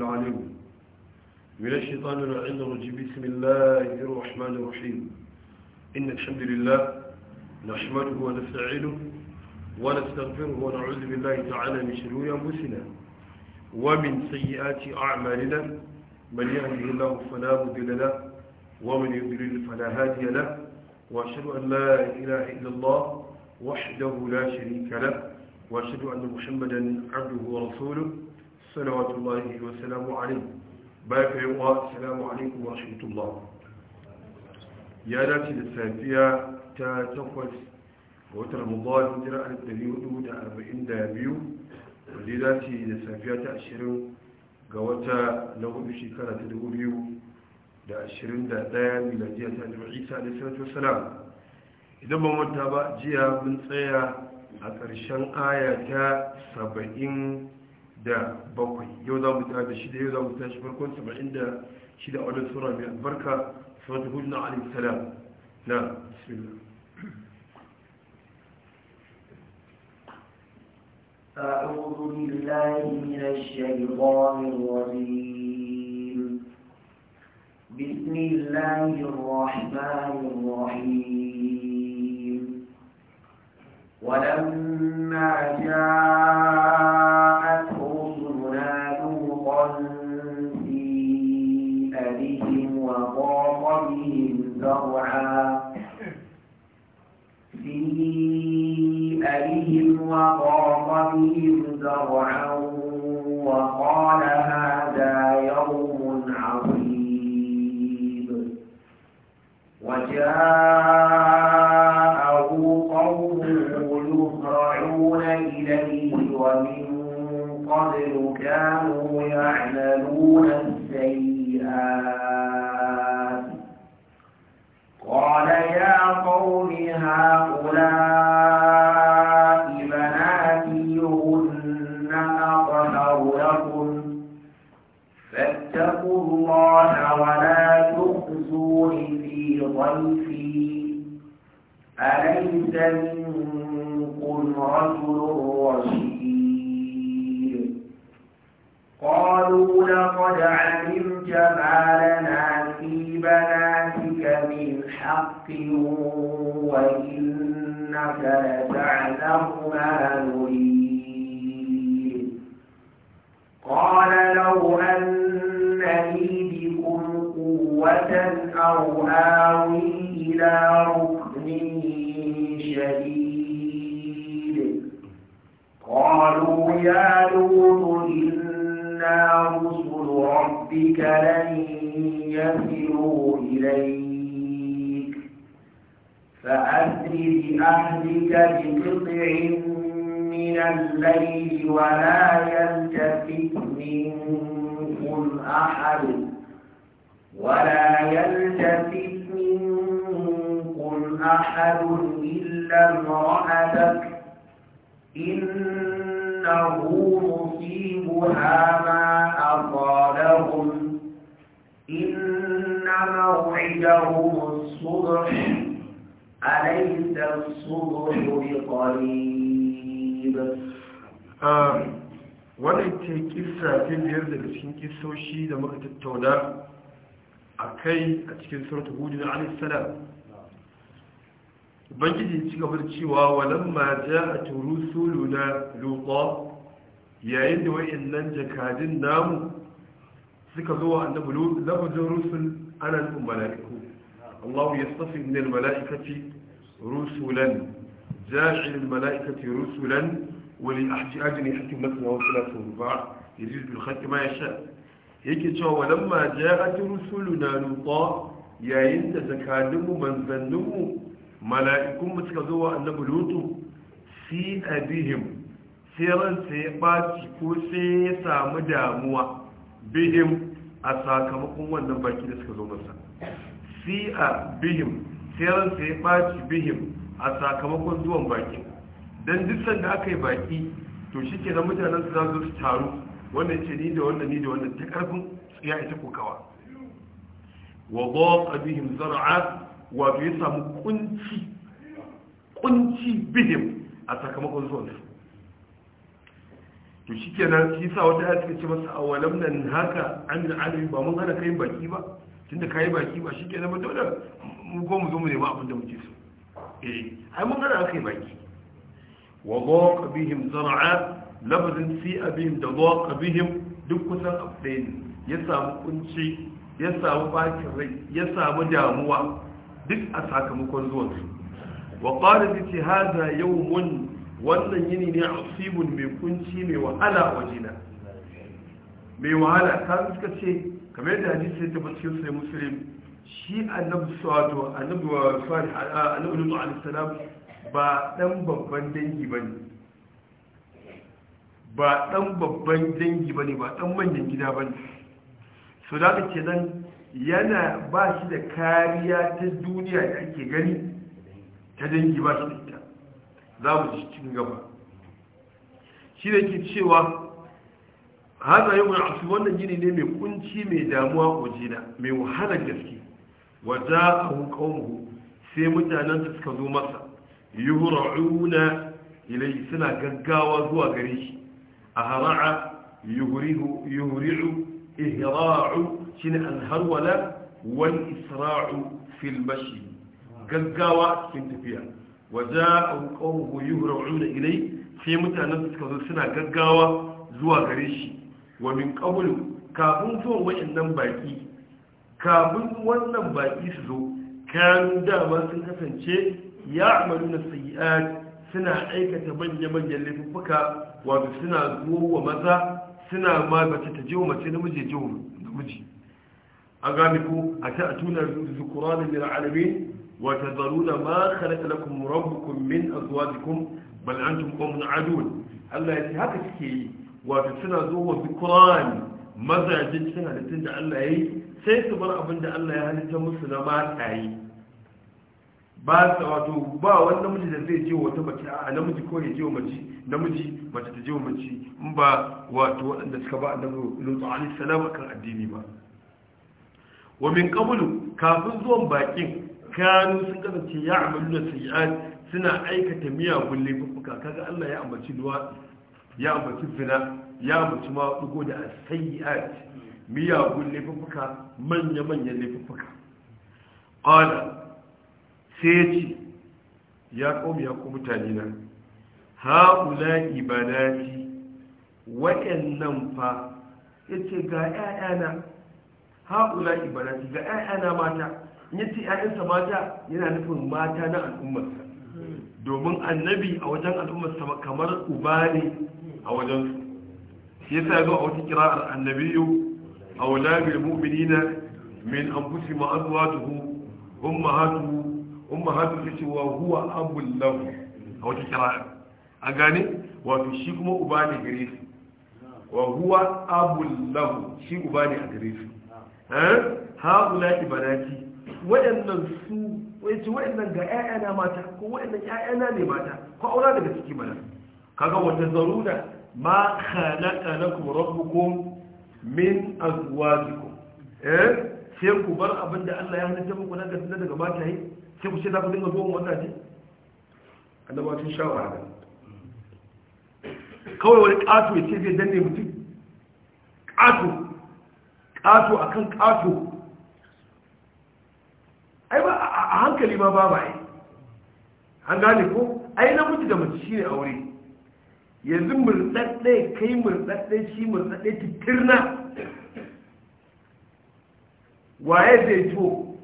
العليم من الشيطان الرعين الرجيم بسم الله الرحمن الرحيم إن الحمد لله نحمده ونستعينه ونستغفره ونعوذ بالله تعالى من شرور أنفسنا ومن سيئات أعمالنا من يهده الله فلا مضل له ومن يضلل فلا هادي له وأشهد أن لا إله إلا الله وحده لا شريك له وأشهد أن محمدا عبده ورسوله salawatullahi wa salamu alaikum baya ka yi wa salamu alaikum wa rahmatullah ya dace da safiya ta takwas ga wata ramadan jira alif dari hudu da arba'in da biyu wanda ya dace da safiya ta ashirin ga wata na hudu shekara ta dubu biyu da ashirin da ɗaya miladiya ta annabi isa da salatu wasalam idan ban manta ba jiya mun tsaya a ƙarshen aya ta saba'in da bakwai yau za mu tashi shida yau za mu tashi farkon saba'in da shida a wannan sura mai albarka surat hudna alayhi salam na bismillah أعوذ بالله من الشيطان الرجيم بسم الله الرحمن الرحيم ولما جاء بأبيهم وضاق بهم ذرعا وقال هذا يوم عظيم وجاء يوم الصبح أليس الصبح بقريب wannan ce kissa ta biyar daga cikin kissoshi da muka tattauna a kai a cikin suratu hudu na alisalam ubangiji ci gaba da cewa walan ma ja a turu sulu na lutsa yayin da wa'annan jakadin namu suka zo wa annabi lafazin rusul anan mala'iku الله يصطفي من الملائكة رسلا جاعل الملائكة رسلا ولأحد أجنحة مثنى وثلاث ورباع يزيد بالخلق ما يشاء yake cewa walamma ja'at rusuluna luta yayin da zakalinmu manzanninmu mala'ikunmu suka zo wa annabi lutu fi abihim sai ransa ya baci ko sai ya samu damuwa bihim a sakamakon wannan baki da suka zo masa si'a bihim sai ya ɓaci bihim a sakamakon zuwan baki don duk sanda aka yi baki to shi ke na mutanen su zazu su taru wannan ce ni da wannan ni da wannan ta ƙarfin ya ita kokawa wa boka bihim zara'a wato ya samu kunci kunci bihim a sakamakon zuwan su to shi ke nan shi sa wata ya ce masa awalam nan haka an alibi ba mun hana kai baki ba tunda ka yi baki ba shi ke zama dole mu ko mu zo mu nema abin da muke so eh ai mun gana aka yi baki wa dhaqa bihim zar'a lafazin fi abihim da dhaqa bihim duk kusan abdain ya samu kunci ya samu bakin rai ya samu damuwa duk a sakamakon zuwan su wa qala bi hadha yawmun wannan yini ne asibun mai kunci mai wahala wajina mai wahala ta suka ce kamar yadda hadisi ya tabbata cikin sai muslim shi annabi sawato annabi wa salih annabi nuhu alaihi salam ba dan babban dangi bane ba dan babban dangi bane ba dan manyan gida bane so da kace dan yana ba shi da kariya ta duniya da ake gani ta dangi ba shi da ita za mu ci cikin gaba shi da ke cewa haza yau ya asu wannan gini ne mai kunci mai damuwa ojina mai wahalar gaske wadda a hukaunmu sai mutanen su suka zo masa yi hura'una ilai suna gaggawa zuwa gare shi a hara'a yuhuri'u ihra'u shi ne an harwala wal isra'u fil gaggawa cikin tafiya wadda a hukaunmu yuhura'una ilai sai mutanen su suka zo suna gaggawa zuwa gare shi wa min qablu kafin zuwa wayannan baki kafin wannan baki su zo kanu dama sun kasance ya amalu na sayi'at suna aikata manya-manyan laifuffuka wato suna zuwa maza suna ma mace ta jiwo mace namiji jiwo miji a gami ko a ta a tunar zukura da mira alamin wata zaruna ma khalaqa lakum rabbukum min azwajikum bal antum qawmun adun Allah ya ce haka suke yi wato suna zo wa bikurani mazajen cikin halittun da Allah ya yi sai su bar abin da Allah ya halitta musu na mata yi ba sa wato ba wani namiji da zai je wata mace a namiji ko ya je wa mace namiji mace ta je wa mace in ba wato waɗanda suka ba annabi lutu alaihi salam kan addini ba wa min qablu kafin zuwan bakin kanu sun kasance ya amalu da sayi'at suna aikata miyagun laifuka kaga Allah ya ambaci duwatsu ya ambaci fina ya ambaci dugo da asayyi'at miyagun laifuffuka manya-manyan laifuffuka ƙada sai ya ce ya ƙomi ya ƙomi mutane na haƙula ibadati waɗannan fa ya ce ga ‘ya'yana haƙula ibadati ga ‘ya'yana mata ya ce ‘ya'yansa mata yana nufin mata na al'ummarsa domin annabi a wajen al'ummarsa kamar uba ne a wajen shi yasa ya zo a wata kira'ar annabiyu a wadabil mu'minina min anfusi ma azwajuhu ummahatuhu ummahatu ta ce wa huwa abul lahu a wata kira'ar a gane wato shi kuma uba ne gare su wa huwa abul lahu shi uba ne a gare su eh? ha'ula ibadati waɗannan su wace waɗannan ga 'ya'yana mata ko waɗannan 'ya'yana ne mata ko aura daga ciki mana kaga wata zaruna ma khalaqa lakum rabbukum min azwajikum eh sai ku bar abin da Allah ya halitta muku na gaskiya daga mata yi sai ku ce za ku dinga zuwa wata ce ba tun sha wahala kawai wani kato ya ce zai danne mutum kato kato a kan ai ba a hankali ma ba ba yi an gane ko ai na mutu da mace shi ne aure yanzu murtsatsai kai murtsatsai shi murtsatsai titirna waye zai to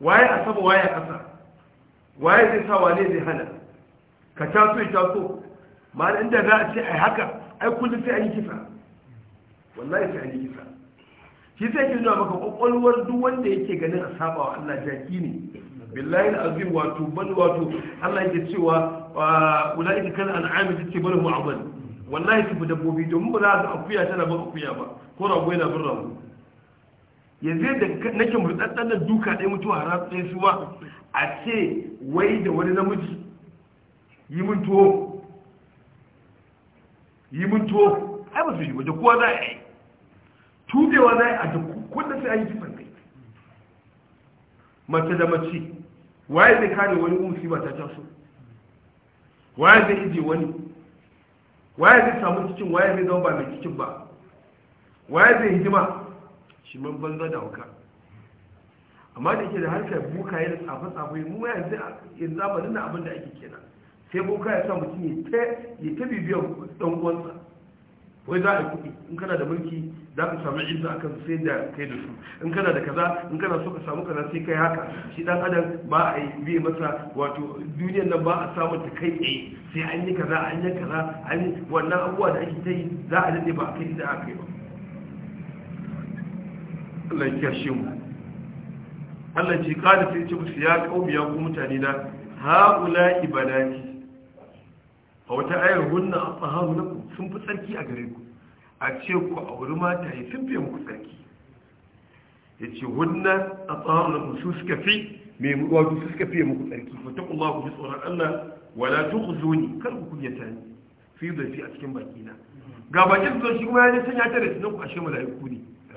waye a sama waye a ƙasa waye zai sa wane zai hana ka taso ya taso ma'ana inda za a ce ai haka ai kullum sai an yi kisa wallahi sai an yi kisa shi sai ke nuna maka ƙwaƙwalwar duk wanda yake ganin a saba wa Allah jaki ne billahi azim wato bal wato Allah yake cewa ulaika kan an'ami tace bal mu abal wallahi tafi dabbobi domin ba za ga akuya tana ba akuya ba ko rago yana bin rago yanzu da nake murɗaɗɗen nan duka ɗaya mutuwa har ɗaya su ba a ce wai da wani namiji yi mun tuwo yi mun tuwo ai ba su yi wajen kowa za a yi tubewa za a yi a da kunda sai a yi kifan kai mace da mace waye zai kare wani musiba ta su waye zai ije wani waye zai samu cikin waye zai zama ba mai cikin ba waye zai hidima shi man banza da wuka amma da ke da harkar buka yana tsafa tsafe mu yanzu yanzu zamanin na abin da ake kenan sai boka ya sa mutum ya ta bibiyar ɗan uwansa wai za a yi kuɗi in kana da mulki za ka samu izu akan sai da kai da su in kana da kaza in kana so ka samu kaza sai kai haka shi dan adam ba a yi bi masa wato duniyar nan ba a samu ta kai tsaye sai an yi kaza an yi kaza an yi wannan abubuwa da ake ta yi za a dade ba a kai da aka yi ba Allah ya shi mu Allah ce kada sai ce musu ya kaumi ya ku mutane na haula ibadati a wata ayar hunna a tsaharu sun fi tsarki a gare ku a ce ku a auri mata yi sun fiye muku sarki ya ce wannan a tsawon da su suka fi mai wato su suka fiye muku sarki wata kuma ku ji tsoron allah wala tun ku zo ni kar ku kunyata ni fi da fi a cikin baki na ga bakin zo shi kuma ya ne sanya ta da sunan ku ashe mala'iku ne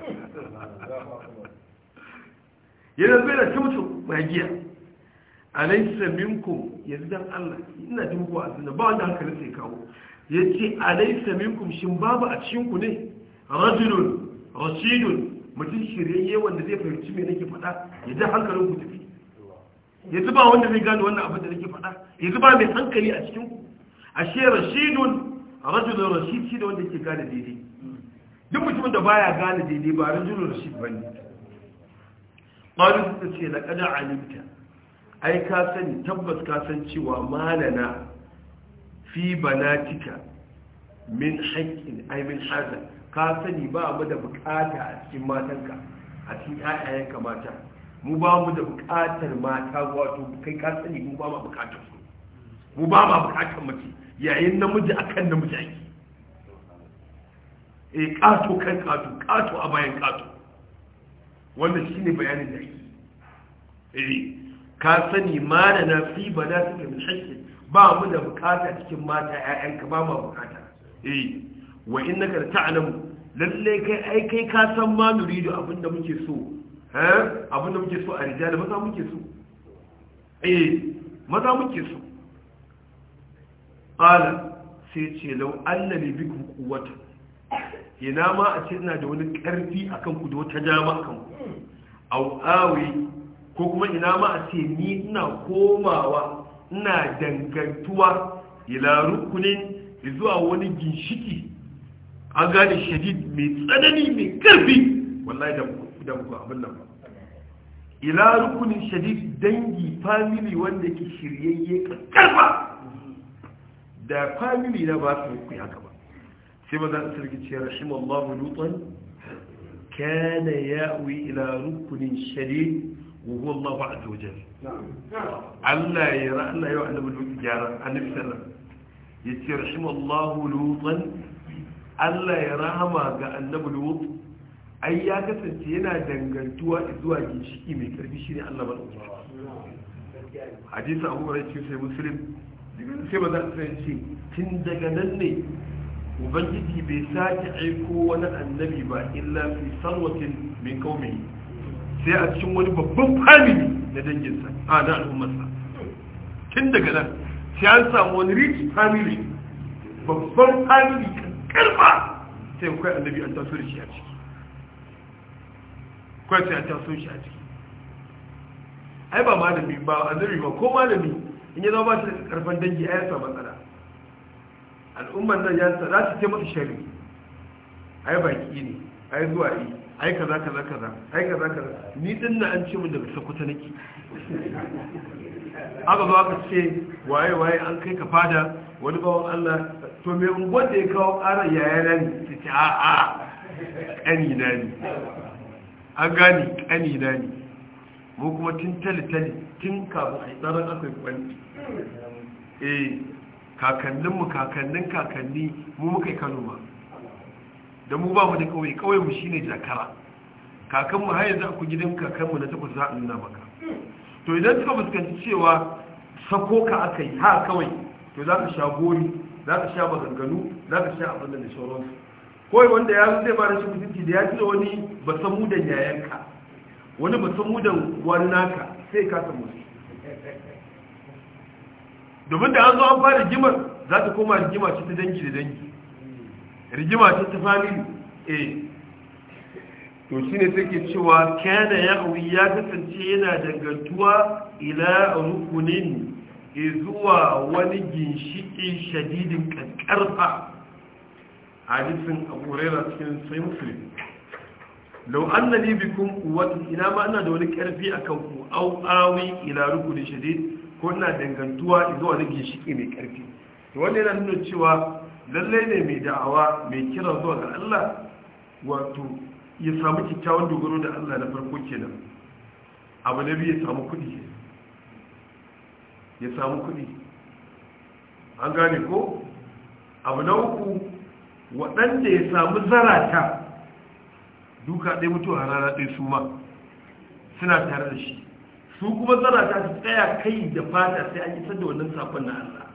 yana zai da cutu magiya alaisa minkum yanzu dan allah ina jin ku a ba wanda hankalin sai kawo ya ce alaisa minkum shin babu a cikinku ne rajulun rashidun mutum shiryayye wanda zai fahimci me nake faɗa ya ji hankalin ku tafi ya zuba wanda zai gane wannan abin da nake faɗa ya zuba mai hankali a cikinku ashe rashidun rajulun rashid shi da wanda ke gane daidai duk mutumin da baya gane daidai ba rajulun rashid ba ne ƙwarin su ce laƙada alimta ai ka sani tabbas ka san cewa malana fi banatika min haƙƙin aimin min ka sani ba mu da bukata a cikin matanka a cikin ƴaƴayenka mata mu ba mu da bukatar mata wato kai ka sani mu ba ma bukatar su mu ba ma bukatar mace yayin namiji akan namiji ake eh kato kan kato kato a bayan kato wannan shine bayanin da ake eh ka sani ma da na fi ba da suke min haƙƙin ba mu da bukata cikin mata ƴaƴanka ba mu bukata eh wa innaka la ta'lamu lalle kai ai kai ka san ma nuridu abinda muke so Abin eh? abinda muke so a rijali maza muke so eh maza muke so qala sai ce law annani bikum quwwatan ina ma a ce ina da wani karfi akan ku da wata dama akan ku hmm. au awi ko kuma ina ma a ce ni ina komawa ina dangantuwa ila rukunin zuwa wani ginshiki an gane shadid mai tsanani mai karfi wallahi da muku abin nan ba ila rukunin shadid dangi family wanda ke shiryayye karfa da family na ba su ku haka ba sai ba za su sarki ce rahim Allah lutan kana ya'wi ila rukunin shadid وهو الله عز وجل الله يرى الله يوحنا بالوقت جارة عن نفسنا يترحم الله لوطا قال لوط ai ya kasance yana dangantuwa zuwa ginshiki mai karfi shi ne Allah maɗauki hadisa abu rai sai sai ba za su ce tun daga nan ne ubangiji bai sake aiko wani annabi ba illa fi salwatin min kaumi sai a cikin wani babban family na danginsa a na al'ummarsa tun daga nan sai an samu wani rich family babban family karfa sai kwai annabi an taso da shi a ciki kwai sai an taso shi a ciki ai ba malami ba annabi ba ko malami in ya zama ba shi da karfan dangi a yasa matsala al'ummar nan ya za su ce masa shari'a ai baki ne ai zuwa yi ai kaza kaza kaza ai kaza kaza ni din na an ce mun daga sakuta nake aka zo aka ce waye waye an kai ka fada wani bawon Allah to me unguwar da ya kawo ƙara yaya na ni ta ce a a ƙani na ne an gane ƙani na ne mu kuma tun tali-tali tun kafin a yi tsaron akwai kwani eh kakanninmu kakannin kakanni mu muka yi kano ma da mu ba mu da kauye kauye mu shine jakara kakan mu har yanzu ku gidan kakan mu na takwas za a nuna maka to idan suka fuskanci cewa sako ka aka yi ha kawai to za ka sha gori za ka sha maganganu za ka sha abin da sauransu kawai wanda ya zai ba da shi mutunci da ya ci da wani ba san mudan ka wani ba san mudan wani naka sai ka samu su domin da an zo an fara rigimar za ta koma rigima ce ta dangi da dangi rigima ta ta family eh to shine take cewa kana ya'wi ya kasance yana dangantuwa ila rukunin zuwa wani ginshiki shadidin kankarfa hadisin abu raira cikin sai muslim lau anna li bikum quwwatan ina ma ana da wani karfi akan ku au awi ila rukunin shadid ko ina dangantuwa zuwa wani ginshiki mai karfi to wannan yana nuna cewa lallai ne mai da'awa mai kiran zuwa ga Allah wato ya samu kyakkyawan dogaro da Allah na farko kenan abu na biyu ya samu kuɗi. ya samu kuɗi. an gane ko abu na uku waɗanda ya samu zarata duka ɗaya mutu a rana ɗaya su ma suna tare da shi su kuma zarata su tsaya kai da fata sai an isar da wannan sakon na Allah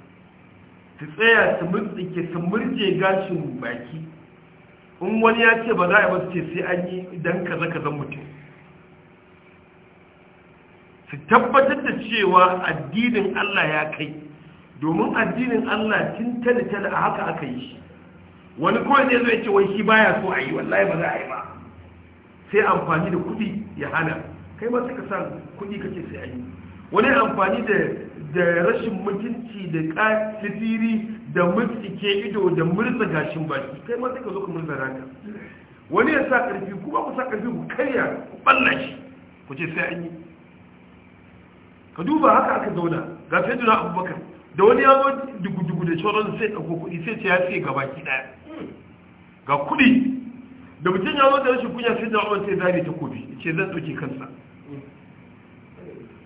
su tsaya su murtsike su murje gashin baki in wani ya ce ba za a ce sai an yi idan kaza zan mutum su tabbatar da cewa addinin Allah ya kai domin addinin Allah tun talitali a haka aka yi wani kawai ne zai ce wai shi baya so a yi wallahi ba za a yi ba sai amfani da kudi ya hana kai ma suka sa kudi ce sai a yi wani amfani da rashin mutunci da ƙasifiri da mutsike ido da murza gashin baki kai ma sai zo ka murza ranka wani ya sa ƙarfi kuma ku sa ƙarfi ku karya ku ɓalla shi ku ce sai an yi ka duba haka aka zauna ga sai duna abubakar da wani ya zo dugu-dugu da shoron sai ɗauko kuɗi sai ce ya tsaye ga baki ɗaya ga kuɗi da mutum ya zo da rashin kunya sai da wani sai zare ta kofi ce zan ɗauke kansa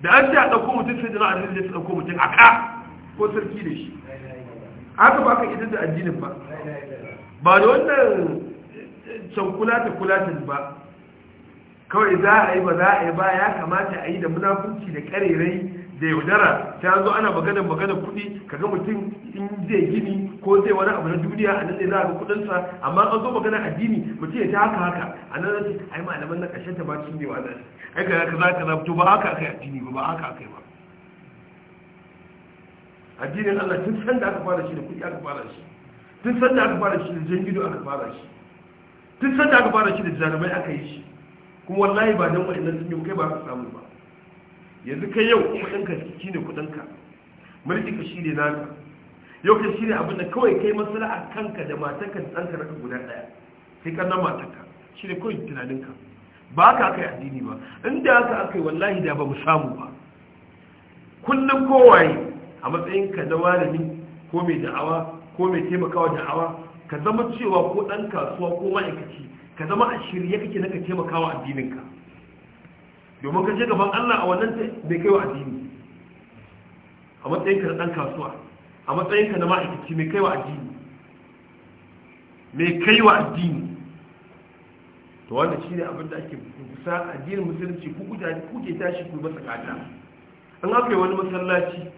da an a ɗauko mutum sai jira a zai ɗauko mutum a ka ko sarki da shi haka ba ka idan da addinin ba ba da wannan cankula ta kulatin ba kawai za a yi ba za a yi ba ya kamata a yi da munafunci da karerai da yaudara ta zo ana magana magana kuɗi kaga mutum in zai gini ko zai wani abu na duniya a nan zai za ga kuɗinsa amma an zo magana addini mutum ya ta haka haka a nan zai ai malaman na ƙarshen ta ba su ne wannan nan ai ka kaza kaza to ba haka akai addini ba ba haka akai ba addinin Allah tun san da aka fara shi da kuɗi aka fara shi tun san da aka fara shi da jan gido aka fara shi tun san da aka fara shi da jarumai aka yi shi kuma wallahi ba dan wa'annan sun yi kai ba ka samu ba yanzu kai yau kudinka shi ne kudinka mulkinka shi ne naka yau ka shi ne abinda kawai kai a kanka da matanka da ɗanka raka guda ɗaya sai ka nan matanka shi ne kawai tunaninka ba ka aka yi addini ba inda aka aka yi wallahi da ba mu samu ba kullum kowaye a matsayinka na malami ko mai da'awa ko mai taimakawa da'awa ka zama cewa ko ɗan kasuwa ko ma'aikaci ka zama a shirye kake na ka taimakawa addininka domin ka je gaban Allah a wannan da kai wa addini a matsayinka na ɗan kasuwa a matsayinka na ma'aikaci mai kai wa addini mai kai wa addini to wanda shi ne abinda ake kusa addinin musulunci ku ke tashi ku masa gata an aka wani masallaci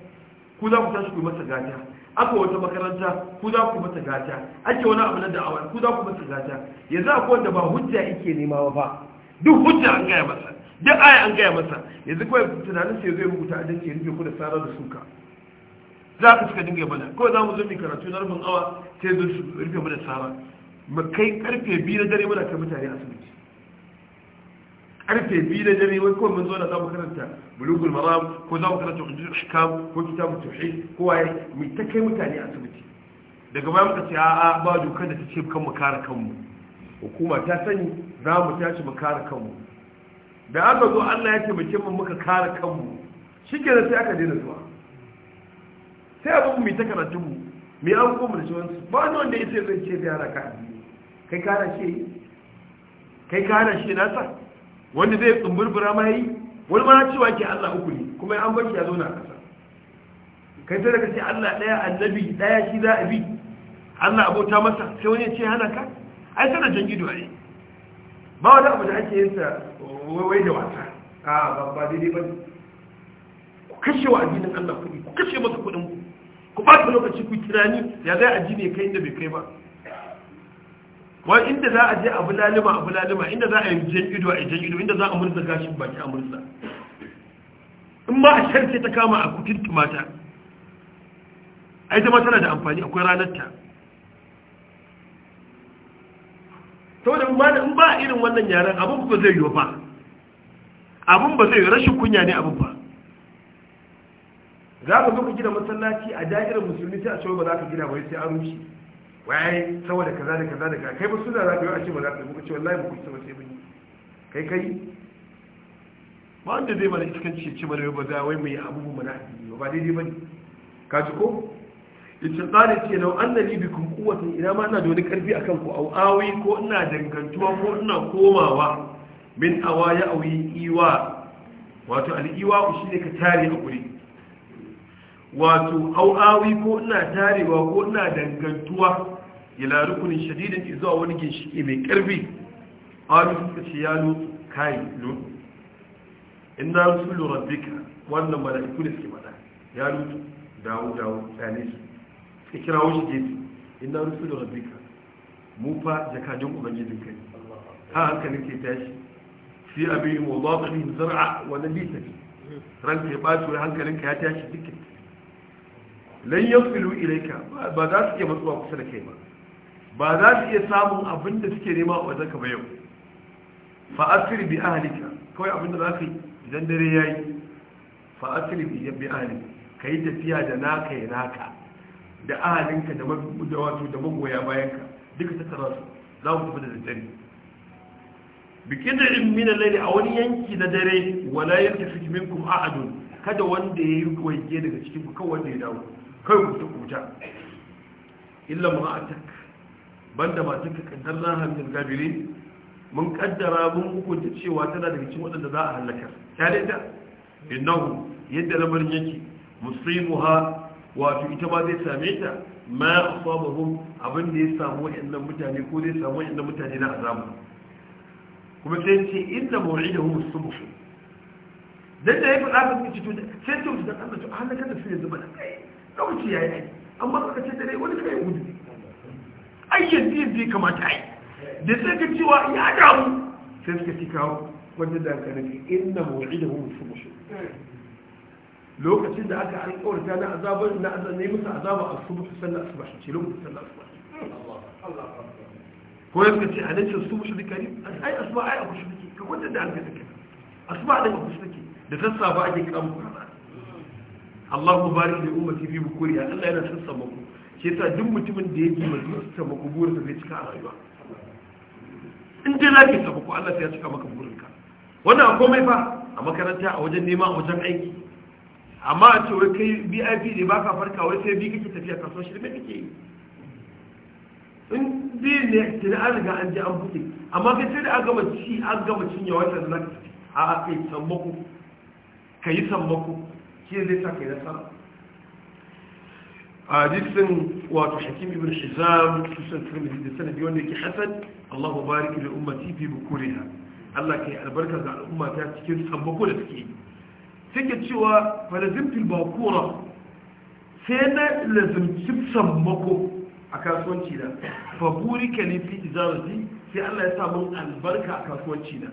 ku za ku tashi ku masa gata aka wata makaranta ku za ku masa gata ake wani abu na da'awa ku za ku masa gata yanzu akwai wanda ba hujja yake nema ba duk hujja an gaya masa duk aya an gaya masa yanzu kawai tunanin sai zai rubuta a danke rufe ku da tsara da suka za ka cika dinga mana kawai za mu zo mai karatu na rufin awa sai zo su rufe mu da tsara mu kai karfe biyu na dare muna kai mutane asibiti karfe biyu na dare wai kawai mun zo na za mu karanta bulugul maram ko za mu karanta hujjul shikam ko kitabun tuhi ko waye mu ta kai mutane asibiti daga baya muka ce a'a ba dokar da ta ce kan mu kare kanmu hukuma ta sani za mu tashi mu kare kanmu da aka zo Allah ya taimake mu muka kare kanmu shike da sai aka daina zuwa sai abin mu ta karatu mu mai an koma da shiwansu ba wani wanda ya ce zai ce da yara ka kai kara shi kai kara shi nasa wanda zai tsumburbura ma yi wani ma cewa ke Allah uku ne kuma an bar shi ya zauna a kasa kai sai daga ce Allah ɗaya annabi ɗaya shi za a bi Allah abota masa sai wani ya ce hana ka ai sana jan gido ne ba wani abu da ake yin sa wai da wata a ba daidai ba ku kashe wa addinin Allah kuɗi ku kashe masa kudin ku ku ba lokaci ku tunani ya zai addini kai inda bai kai ba wa inda za a je abu lalima abu lalima inda za a yi jan ido a yi jan ido inda za a murza gashin baki a murza in ma a sharce ta kama a kutin tumata ai zama tana da amfani akwai ranar ta to da ma in ba irin wannan yaren abin ba zai yi fa abin ba zai rashin kunya ne abin ba za ka zo ka gina masallaci a da'irin musulmi sai a ce ba za ka gina bai sai an rushe waye saboda kaza da kaza da kaza kai ba suna za ka yi a ce ba za ka yi ce wallahi ba ku isa ba sai mun yi kai kai ba wanda zai mana iskanci ya ce mana ba za wai mai abubuwan mana ba daidai ba ne ka ci ko yace qala ce law annani bikum kowace ina ma ina da wani karfi kan ku au awi ko ina dangantuwa ko ina komawa min awa ya awi iwa wato ku iwa ne ka tare a guri wato au awi ko ina tarewa ko ina dangantuwa ila rukunin shadidin zuwa wani ginshiki mai karfi qalu suka ce ya lutu kai lutu inna rusulu bika wannan mala'iku da suke mada ya lutu dawo dawo tsane ka kira wuce gefe inna rusulu rabbika mu fa jakadun ubangijin kai ha hankali ke tashi fi abin mudafin zar'a wa nabita ranka ya baci wai hankalinka ya tashi dukkan lan yafilu ilaika ba za su iya matsuwa kusa da kai ba ba za su iya samun abin da suke nema a wajenka ba yau fa asiri bi ahlika kawai abin da za ka yi idan dare ya yi fa asiri bi ahlika ka yi tafiya da naka ya naka da ahalinka da wato da magoya bayanka duka ta tara su za ku tafi da daddare bikin da in mina laili a wani yanki na dare wala yanki fi minkum ahadun kada wanda ya yi waje daga cikin ku kawai wanda ya dawo kai ku ta kuta illa da banda kakantar na hamdul gabiri mun kaddara mun hukunta cewa tana daga cikin waɗanda za a halaka ta da ita innahu yadda lamarin yake musimuha wato ita ba zai same ta ma asabahum abin da ya samu wayannan mutane ko zai samu wayannan mutane na azabu kuma sai ce inda mawidahum subh dan da ya faɗa ka to sai to da Allah to Allah kada su yanzu ba da kai lokaci yayi ai amma suka ce dare wani kai gudu ai yanzu yanzu kamata ai da sai ka ciwa ya damu sai suka ci kawo wanda da kana inda mawidahum subh lokacin da aka alƙawarta na azabar na azanai musu azaba a subuh sallar asuba ce lokacin sallar asuba ko ya ce a nace subuh shi karim ai asuba ai abu shi take ka kwanta da hankali ka asuba da abu shi take da sassa ba ake kamu kana Allah mubarak li ummati fi bukuriha Allah yana sassa mako shi yasa duk mutumin da ya yake mutum sassa mako burinsa zai cika a rayuwa in dai zaki sabo ko Allah sai ya cika maka burinka wannan akwai mai fa a makaranta a wajen nema a wajen aiki amma a ce wai kai bip ne ba ka farka wai sai bi kake tafiya kasuwa shirme kake yi in bi ne tuni an riga an je an buɗe amma kai sai da an gama ci an gama cinye wata da a a kai sammako ka yi sammako shi zai sa kai nasara a hadisin wato hakim ibn shizam kusan turmi da sanadi wanda yake hasan allahu barik li ummati fi bukuriha allah yi albarka ga al'umma ta cikin sammako da suke yi suke cewa falazimtul bakura sai na lazimci sammako a kasuwanci na faburi kalifi izarati sai Allah ya samu albarka a kasuwanci na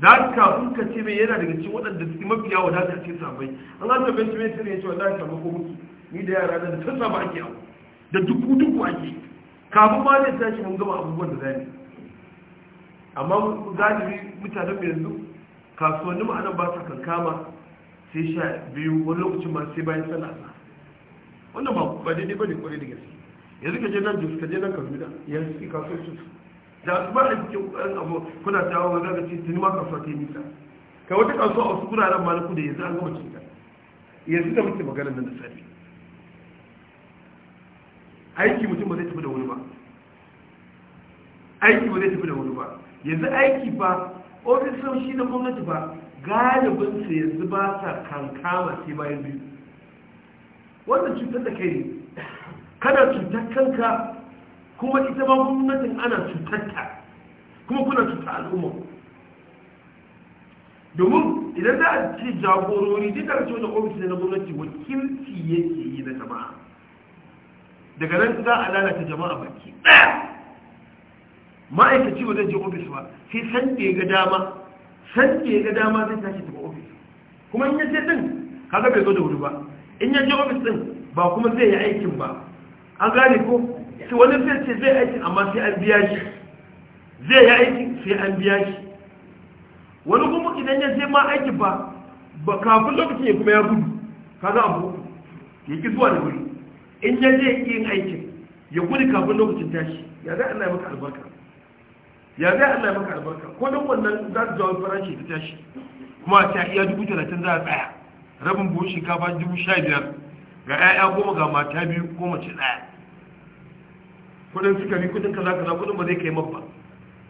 da kafin ka ce mai yana daga cikin waɗanda suke mafiya wadatar ce sabai an an tabbai ce mai ne ya ce wallahi sammako mutu ni da yara da ta samu ake abu da duku duku ake kafin ma zai tashi mun gama abubuwan da zai amma galibi mutanen mai yanzu kasuwanni ma'anan ba su kankama sai sha biyu wani lokacin ma sai bayan sallah wannan ba ba daidai bane kwarai da gaske yanzu ka je nan jos ka je nan kaduna yanzu ki kasuwar su da su ba da cikin ɗan abu kuna tawo wa zaga ce tuni ma kasuwa ta yi nisa ka wata kasuwa a wasu guraren ma na kuda yanzu an gama cinta yanzu da muke magana nan da sani aiki mutum ba zai tafi da wani ba aiki ba zai tafi da wani ba yanzu aiki ba ofis shi na gwamnati ba galibin su yanzu ba sa kankama sai bayan biyu wannan cutar da kai ne kana cutar kanka kuma ita ba gwamnatin ana cutarta kuma kuna cutar al'umma domin idan za a ce jagorori duk da wajen ofis na gwamnati wakilci yake yi na jama'a daga nan za a lalata jama'a baki ɗaya ma'aikaci wajen je ofis ba sai san da ya ga dama san ya ga dama zai tashi daga ofis kuma in ya ce din kaga bai zo da wuri ba in ya je ofis din ba kuma zai yi aikin ba an gane ko sai wani zai ce zai aikin amma sai an biya shi zai yi aikin sai an biya shi wani kuma idan ya je ma aiki ba ba kafin lokacin ya kuma ya gudu kaga abu ya ki zuwa da wuri in ya je yin aikin ya gudu kafin lokacin tashi ya za Allah ya maka albarka ya zai Allah ya maka albarka ko duk wannan za ta jawo farashi ta tashi kuma a iya dubu talatin za a tsaya rabin buhun shinkafa dubu sha biyar ga 'ya'ya goma ga mata biyu ko mace ɗaya kudin sukari kudin kaza kaza kudin ba zai kai mabba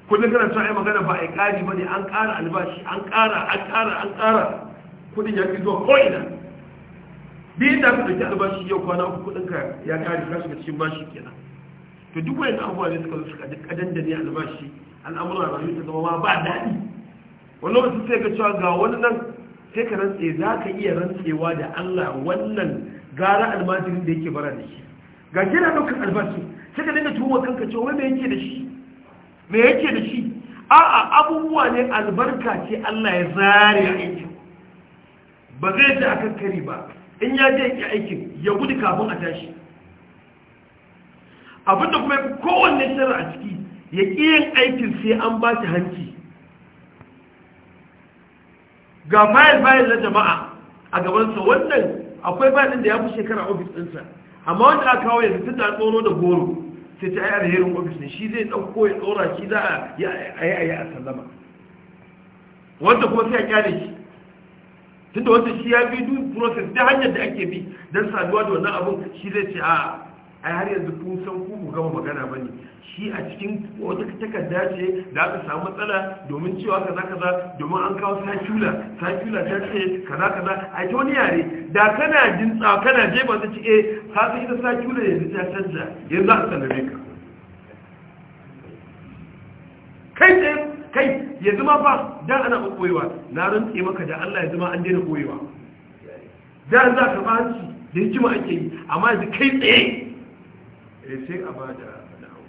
kudin kana ta yi magana ba a ƙari ba ne an ƙara albashi an ƙara an ƙara an ƙara kudin ya fi zuwa ko ina. biyu da aka ɗauki albashi yau kwana uku kudin ka ya ƙari ka shiga cikin bashi kenan to duk wani abubuwa ne suka zo suka duk ƙadan da ne albashi al'amuran rayu ta zama ma ba daɗi wani lokacin sai ka cewa ga wani nan sai ka rantse za ka iya rantsewa da allah wannan gara almajirin da yake bara da shi ga kira ɗaukar albashi sai ka dinga tuhumar kanka cewa wai me yake da shi me yake da shi a'a abubuwa ne albarka ce Allah ya zare aikin ba zai ji a kankari ba in ya je ya aikin ya gudu kafin a tashi abinda kuma kowanne shirar a ciki ya ƙi yin aikin sai an ba shi hanci ga fayil-fayil na jama'a a gabansa wannan akwai fayilin da ya fi shekara ofis ɗinsa amma wanda aka kawo yanzu tun da tsoro da goro sai ta yi alherin ofis ne shi zai ɗauko ya tsora shi za a yi a yi a sallama wanda kuma sai a kyale shi tun da wanda shi ya bi duk process ta hanyar da ake bi don saduwa da wannan abin shi zai ce a ai har yanzu kun san ku ku gama magana ba ne. shi a cikin wata takarda ce da aka samu matsala domin cewa kaza kaza domin an kawo sakula sakula ta ce kaza kaza a ta wani yare da kana jin tsa kana je ba ta ci. Eh, ka san ita sakula yanzu ta canza yanzu a sallame ka kai ce kai ya zama ba dan ana koyewa na rantse maka da Allah ya zama an daina koyewa da za ka ba shi da hikima ake yi amma yanzu kai tsaye Eh, sai a ba da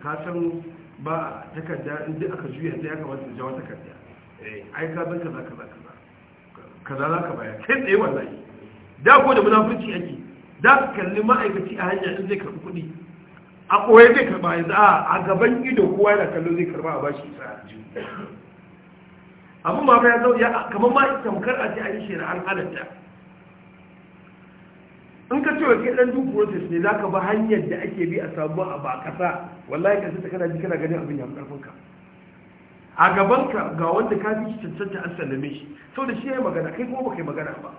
kasan ba a takarda inda aka juya ta ya kamata da jawa takarda eh, ai ka bin kaza kaza kaza kaza za ka baya kai tsaye wallahi da ko da munafurci yake da ka kalli ma'aikaci a hanya in zai karɓi kuɗi a koyar zai karɓa yanzu a a gaban ido kowa yana kallo zai karɓa a bashi sa abin ma ya zau ya kamar ma tamkar a ce an shira an halatta in ka cewa ke dan duk process ne zaka ba hanyar da ake bi a samu a ba kasa wallahi ka sita kana ji kana ganin abin ya karfin ka a gaban ka ga wanda ka bi cancanta an sallame shi saboda shi yayi magana kai kuma baka yi magana ba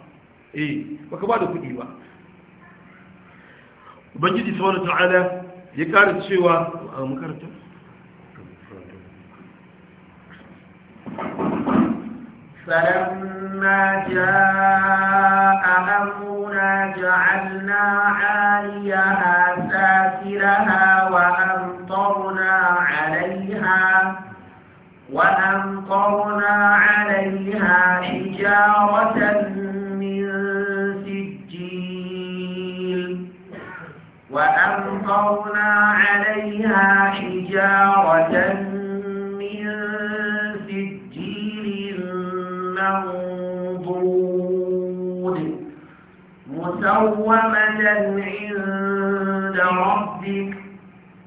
eh baka ba da kuɗi ba ubangiji subhanahu ta'ala ya kara cewa mu karanta فلما جاء أمرنا جعلنا عاليها سافلها وأمطرنا عليها وأمطرنا عليها حجارة من سجيل وأمطرنا عليها حجارة من منضود مسومة عند ربك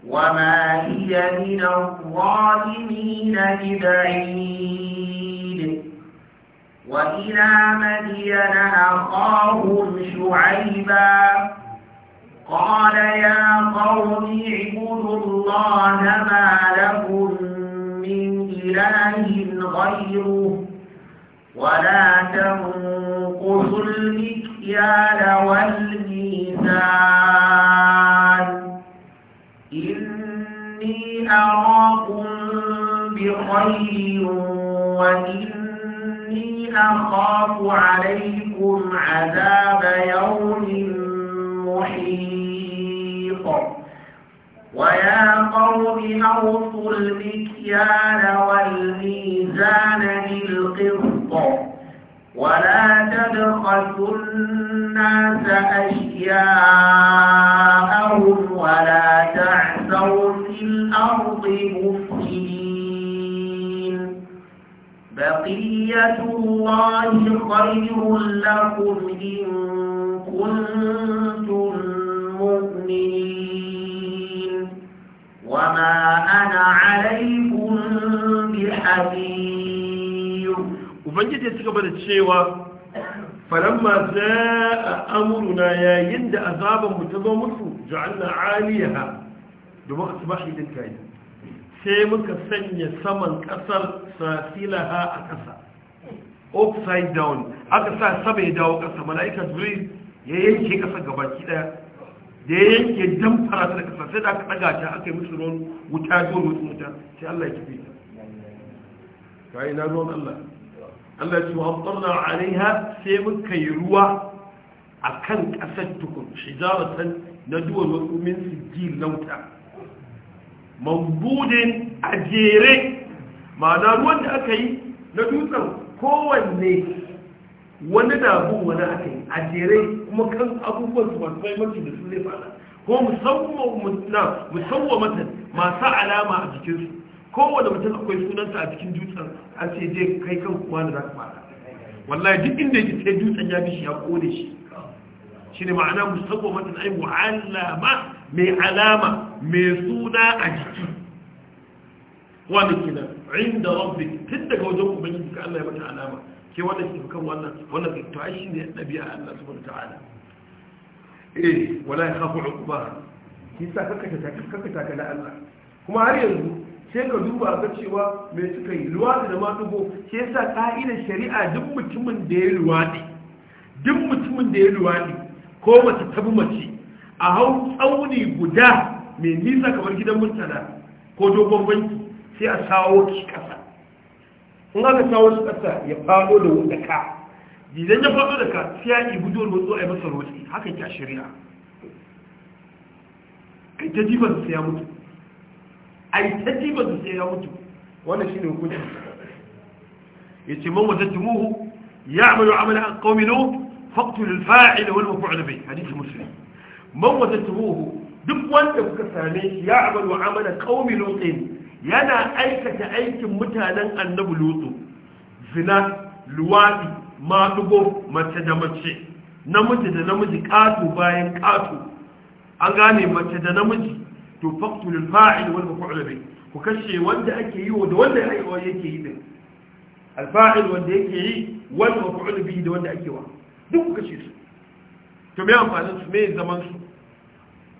وما هي من الظالمين ببعيد وإلى مدين أخاهم شعيبا قال يا قوم اعبدوا الله ما لكم من إله غيره ولا تنقصوا المكيال والميزان إني أراكم بخير وإني أخاف عليكم عذاب يوم محيط ويا قوم أوفوا المكيال والميزان بالقسط الحق ولا تبخسوا الناس أشياءهم ولا تعثوا في الأرض مفسدين بقية الله خير لكم إن كنتم مؤمنين وما أنا عليكم بحبيب ubangiji suka bada cewa za a amuruna yayin da azaban mu ta zo musu ja'alna 'aliyaha domin shi dinka yi sai muka sanya saman kasar safilaha a kasa upside down aka sa sama ya dawo kasa mala'ika zuri ya yanke kasa ki daya da ya yanke damfara ta kasa sai da aka daga ta aka yi musu ruwan wuta don wuta sai Allah ya kife ta kai na ruwan Allah Allah ce a alaiha sai muka yi ruwa a kan ƙasar tukun shijaratan na duwan watsumin sijil lauta mambudin a jere ma'ana ruwan da aka yi na dutsen kowanne wani dabu wani aka yi a jere kuma kan abubuwan su masu maimaci da su zai fada ko musamman masu alama a jikinsu kowane mutum akwai sunanta a cikin dutsen a ce je kai kan kuma da za ka fara wallahi duk inda ji sai dutsen ya bi shi ya kone shi shi ne ma'ana musamman matan ai mu'allama mai alama mai suna a jiki wanda ke nan inda rabbi tun daga wajen ubangiji ka Allah ya mata alama ke wanda ke kan wannan wannan ke to shi ne a Allah subhanahu ta'ala eh wala ya yakhafu Ki kisa kaka ta ka na Allah kuma har yanzu sai ka duba ga cewa mai suka yi luwaɗi da matubo shi yasa ƙa'idar shari'a duk mutumin da ya luwaɗi duk mutumin da ya luwaɗi ko mace ta bi mace a hau tsauni guda mai nisa kamar gidan murtala ko dogon banki sai a sawo ki ƙasa in aka sawo shi ƙasa ya faɗo da wuta ka idan ya faɗo da ka sai ya yi guduwar wasu a yi masa roƙi haka ke a shari'a kai ta jifar sai ya mutu a yi ta jiba su sai ya mutu wannan shi ne hukunci ya ce man wata tumuhu ya amalu amala an kawmi no faktul fa'ila wal mafu'ul bai hadisi muslim man wata tumuhu duk wanda kuka same shi ya amalu amala kawmi lutin yana aikata aikin mutanen annabi lutu zina luwadi madugo mace da mace namiji da namiji ƙato bayan ƙato an gane mace da namiji to faqtul fa'il wal maf'ul bi ku kashe wanda ake yi da wanda yake yi din al fa'il wanda yake yi wal maf'ul bi da wanda ake wa duk ku kashe su to me amfanin su me zaman su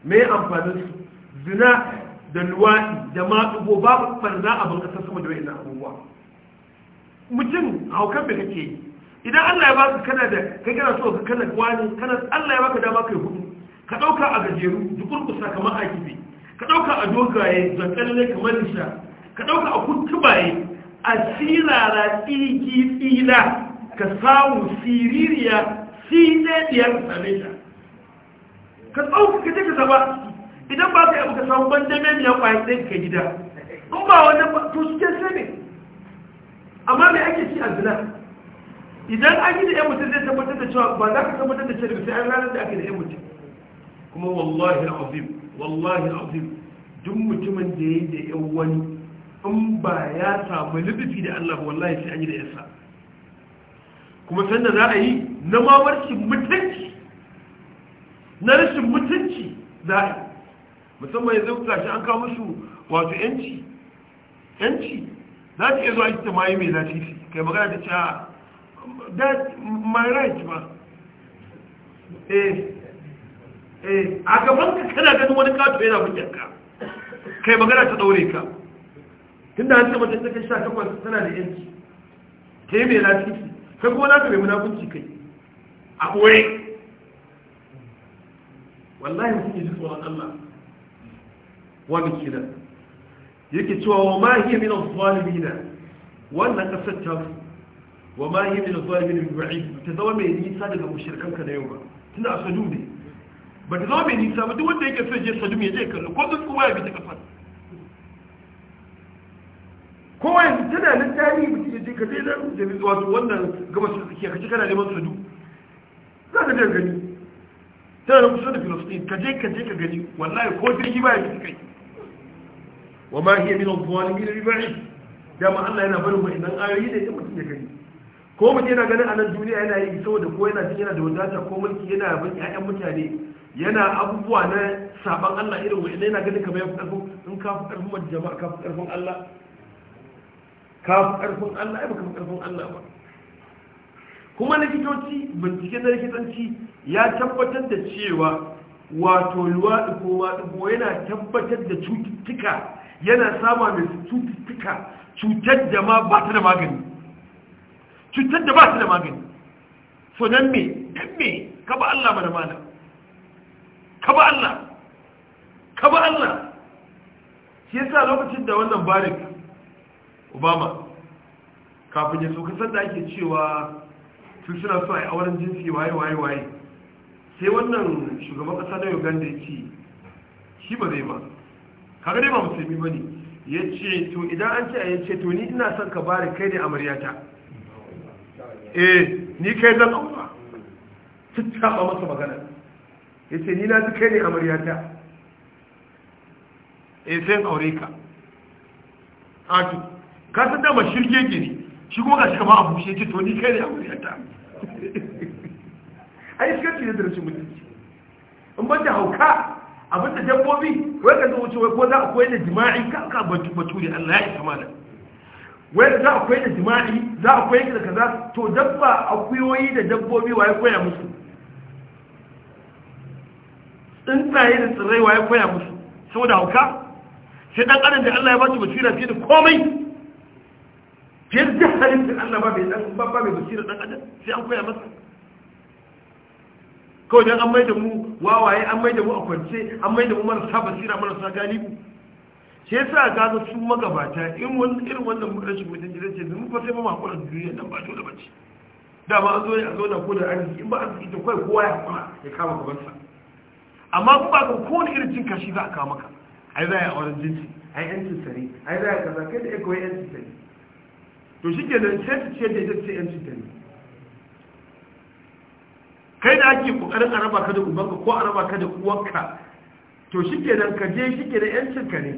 me amfanin su zina da luwaɗi da maɗugo babu farna a ƙasar sama da wa'ina abubuwa mutum haukan da kake yi idan allah ya ka kana da kai kana so ka kana wani kana allah ya ba ka dama kai hudu ka ɗauka a gajeru duk kamar a kife ka ɗauka a dogaye zakalle kamar nisha ka ɗauka a kuntubaye a sirara tsiki tsila ka samu siririya sinadiya ka same ta ka ɗauka ka take zaba idan ba ka yi abu ka ban dame miya kwayan ɗin ka gida in ba wani to suke sani. ne amma mai ake ci a zina idan an yi da yan mutum zai tabbatar da cewa ba za ka tabbatar da cewa sai an ranar da ake da yan mutum kuma wallahi azim wallahi azim duk mutumin da ya yi da yan wani in ba ya samu lubufi da Allah wallahi sai an yi da yasa kuma sanda za a yi na mamarci mutunci na rashin mutunci za a yi musamman ya zauka shi an kawo musu wato yanci yanci za ta iya zuwa ita mayu mai zafi shi kai magana da cewa ah, that my right ba eh Eh, a gaban ka kana ganin wani kato yana ka. kai magana ta daure ka tunda an taba ta kai 18 tana da yanci ta yi mai lafiya kai kuma ka mai munafunci kai a ɓoye wallahi mutum ya zuwa Allah wa mai kira yake cewa wa ma hiya min az-zalimin wannan kasar ta wa ma hiya min az-zalimin bi'id ta zama mai nisa daga mushrikan ka na yau ba tunda asadu ne ba da zama mai nisa ba duk wanda yake so je sadum ya je kallo ko duk kuma ya bi ta kafar kowa yanzu tana nan tani mutum ya je ka zai nan da wato wannan gabas da ka kaje kana neman sadu za ka je gani tana nan kusa da filistin ka je ka je ka gani wallahi ko jirgi ba ya fi kai wa ma hiya min al-zalimin da dama Allah yana barin wa'annan ayoyi ne da mutum ya gani ko mutum yana ganin a nan duniya yana yi saboda ko yana cikin yana da wadata ko mulki yana bin ƴaƴan mutane yana abubuwa na saban Allah irin wa'ina yana ganin kamar yafi karfin in ka fi karfin wajen jama'a ka fi karfin Allah ka fi karfin Allah ba ka fi karfin Allah ba kuma likitoci bincike na likitanci ya tabbatar da cewa wato luwaɗi ko waɗigo yana tabbatar da cututtuka yana sama mai cututtuka cutar da ma ba ta da magani cutar da ba ta da magani so nan me dan me ka ba Allah mana malam ka ba Allah ka ba Allah shi yasa lokacin da wannan barik obama kafin ya so sanda da ake cewa tun suna so a yi auren jinsi waye waye waye sai wannan shugaban kasa na uganda ya ce shi ba zai ba kaga dai ba musulmi ba ne ya ce to idan an ce a yace to ni ina son ka bari kai ne amaryata eh ni kai zan aura tattaba masa magana ya ce ni na kai ne amaryata e sai aure ka to. ka san dama shirke gini shi kuma shi kama abu shi ya ce to ni kai ne amaryata yi shirke ne da rashin mutunci in ban da hauka abin da dabbobi wai ka zo wuce wai ko za a koyar da jima'i ka ka batu ne Allah ya kama da wai za a koyar da jima'i za a koyar da kaza to dabba akuyoyi da dabbobi ya koya musu tsuntsaye da tsirrai waye koya musu saboda hauka sai dan adam da Allah ya bashi basira fiye da komai fiye da da Allah ba bai dan ba bai basira dan adam sai an koya masa kawai dan an maida mu wawaye an maida mu a kwance an maida mu marasa basira marasa galibu shi sa ga ga su magabata in irin wannan rashin mutunci zai ce mun fa sai ba makura duniya nan ba dole bace dama an zo ne a zo na ko da arziki in ba arziki ta kai kowa ya kuma ya kama gaban sa amma kun ba ka kowane irin cin kashi za a kawo maka ai za a yi auren jinsi ai yancin sare ai za a kaza kai da ekoyi yancin sare to shi ke nan sai su ce da ita ce yancin sare kai da ake kokarin araba ka da ubanka ko araba ka da uwanka to shi ke nan ka je shi ke da yancin ka ne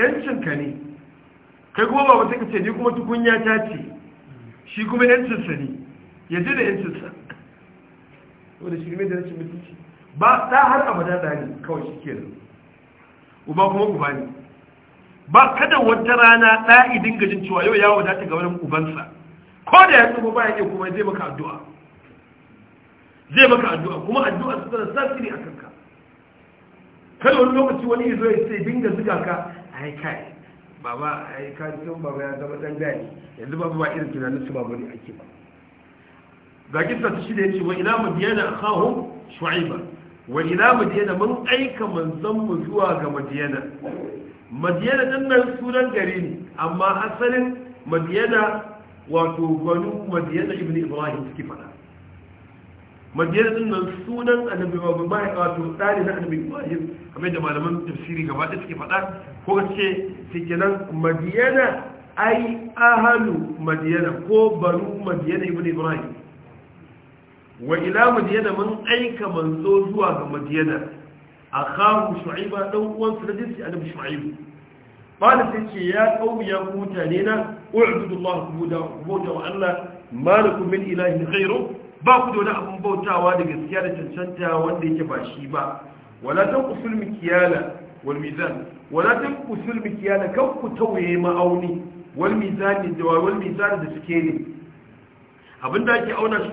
yancin ka ne kai kuma ba wata kace ni kuma tukunya ta ce shi kuma yancin sa ne ya je da yancin sa wanda shi ne da rashin mutunci ba ta har abada da ne kawai shi ke uba kuma uba ne ba kada wata rana ɗa dinga jin cewa yau ya ta ga wani ubansa ko da ya tsufa ba ya iya kuma zai maka addu'a zai maka addu'a kuma addu'a su tana tasiri a kanka kada wani lokaci wani ya ya ce dinga zuga ka ai kai baba ai ka tun baba ya zama dan gani yanzu babu ba irin tunanin su babu ne ake ba ga kisa ta shi da ce wa ila madiyana kawo shu'aiba wani na madiyana mun aika manzanmu zuwa ga madiyana madiyana ɗin nan sunan gari ne amma asalin madiyana wato banu madiyana ibn ibrahim suke fada madiyana ɗin sunan annabi babu bai wato tsari na annabi ibrahim kamar da malaman tafsiri gaba da suke fada ko ce suke ai ahalu ko banu ibrahim wa ila madiyana mun aika manzo zuwa ga madiyana akahu shu'aiba dan uwan sirjisi annabi shu'aibu bala sai ce ya kawu ya mutane na u'budullah bauta wa Allah malakum min ilahin ghayru ba ku da abun bautawa da gaskiya da cancanta wanda yake ba shi ba wala tanqusul mikyala wal mizan wala tanqusul mikyala kan ku tawaye ma'auni wal mizan da wal mizan da suke ne abin da ake auna shi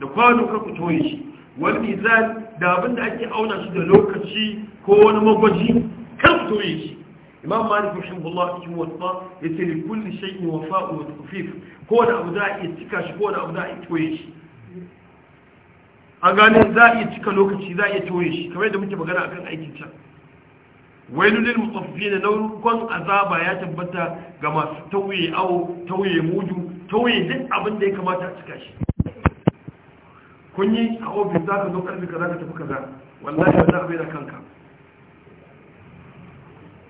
da kwano ka ku toye shi wani mizan da abin da ake auna shi da lokaci ko wani magwaji kar ku toye shi imam malik rahimahullah cikin wata yace li kulli shay'in wafa'u wa tawfif ko wani abu da iya cika shi ko wani abu da iya toye shi a ganin za a iya cika lokaci za a iya toye shi kamar yadda muke magana akan aikin can wailu lil mutaffifin nau'ukan azaba ya tabbata ga masu tauye awo tauye muju tauye duk abin da ya kamata a cika shi kun yi a ofis za ka zo karfi kaza ka tafi kaza wallahi ba za abai da kanka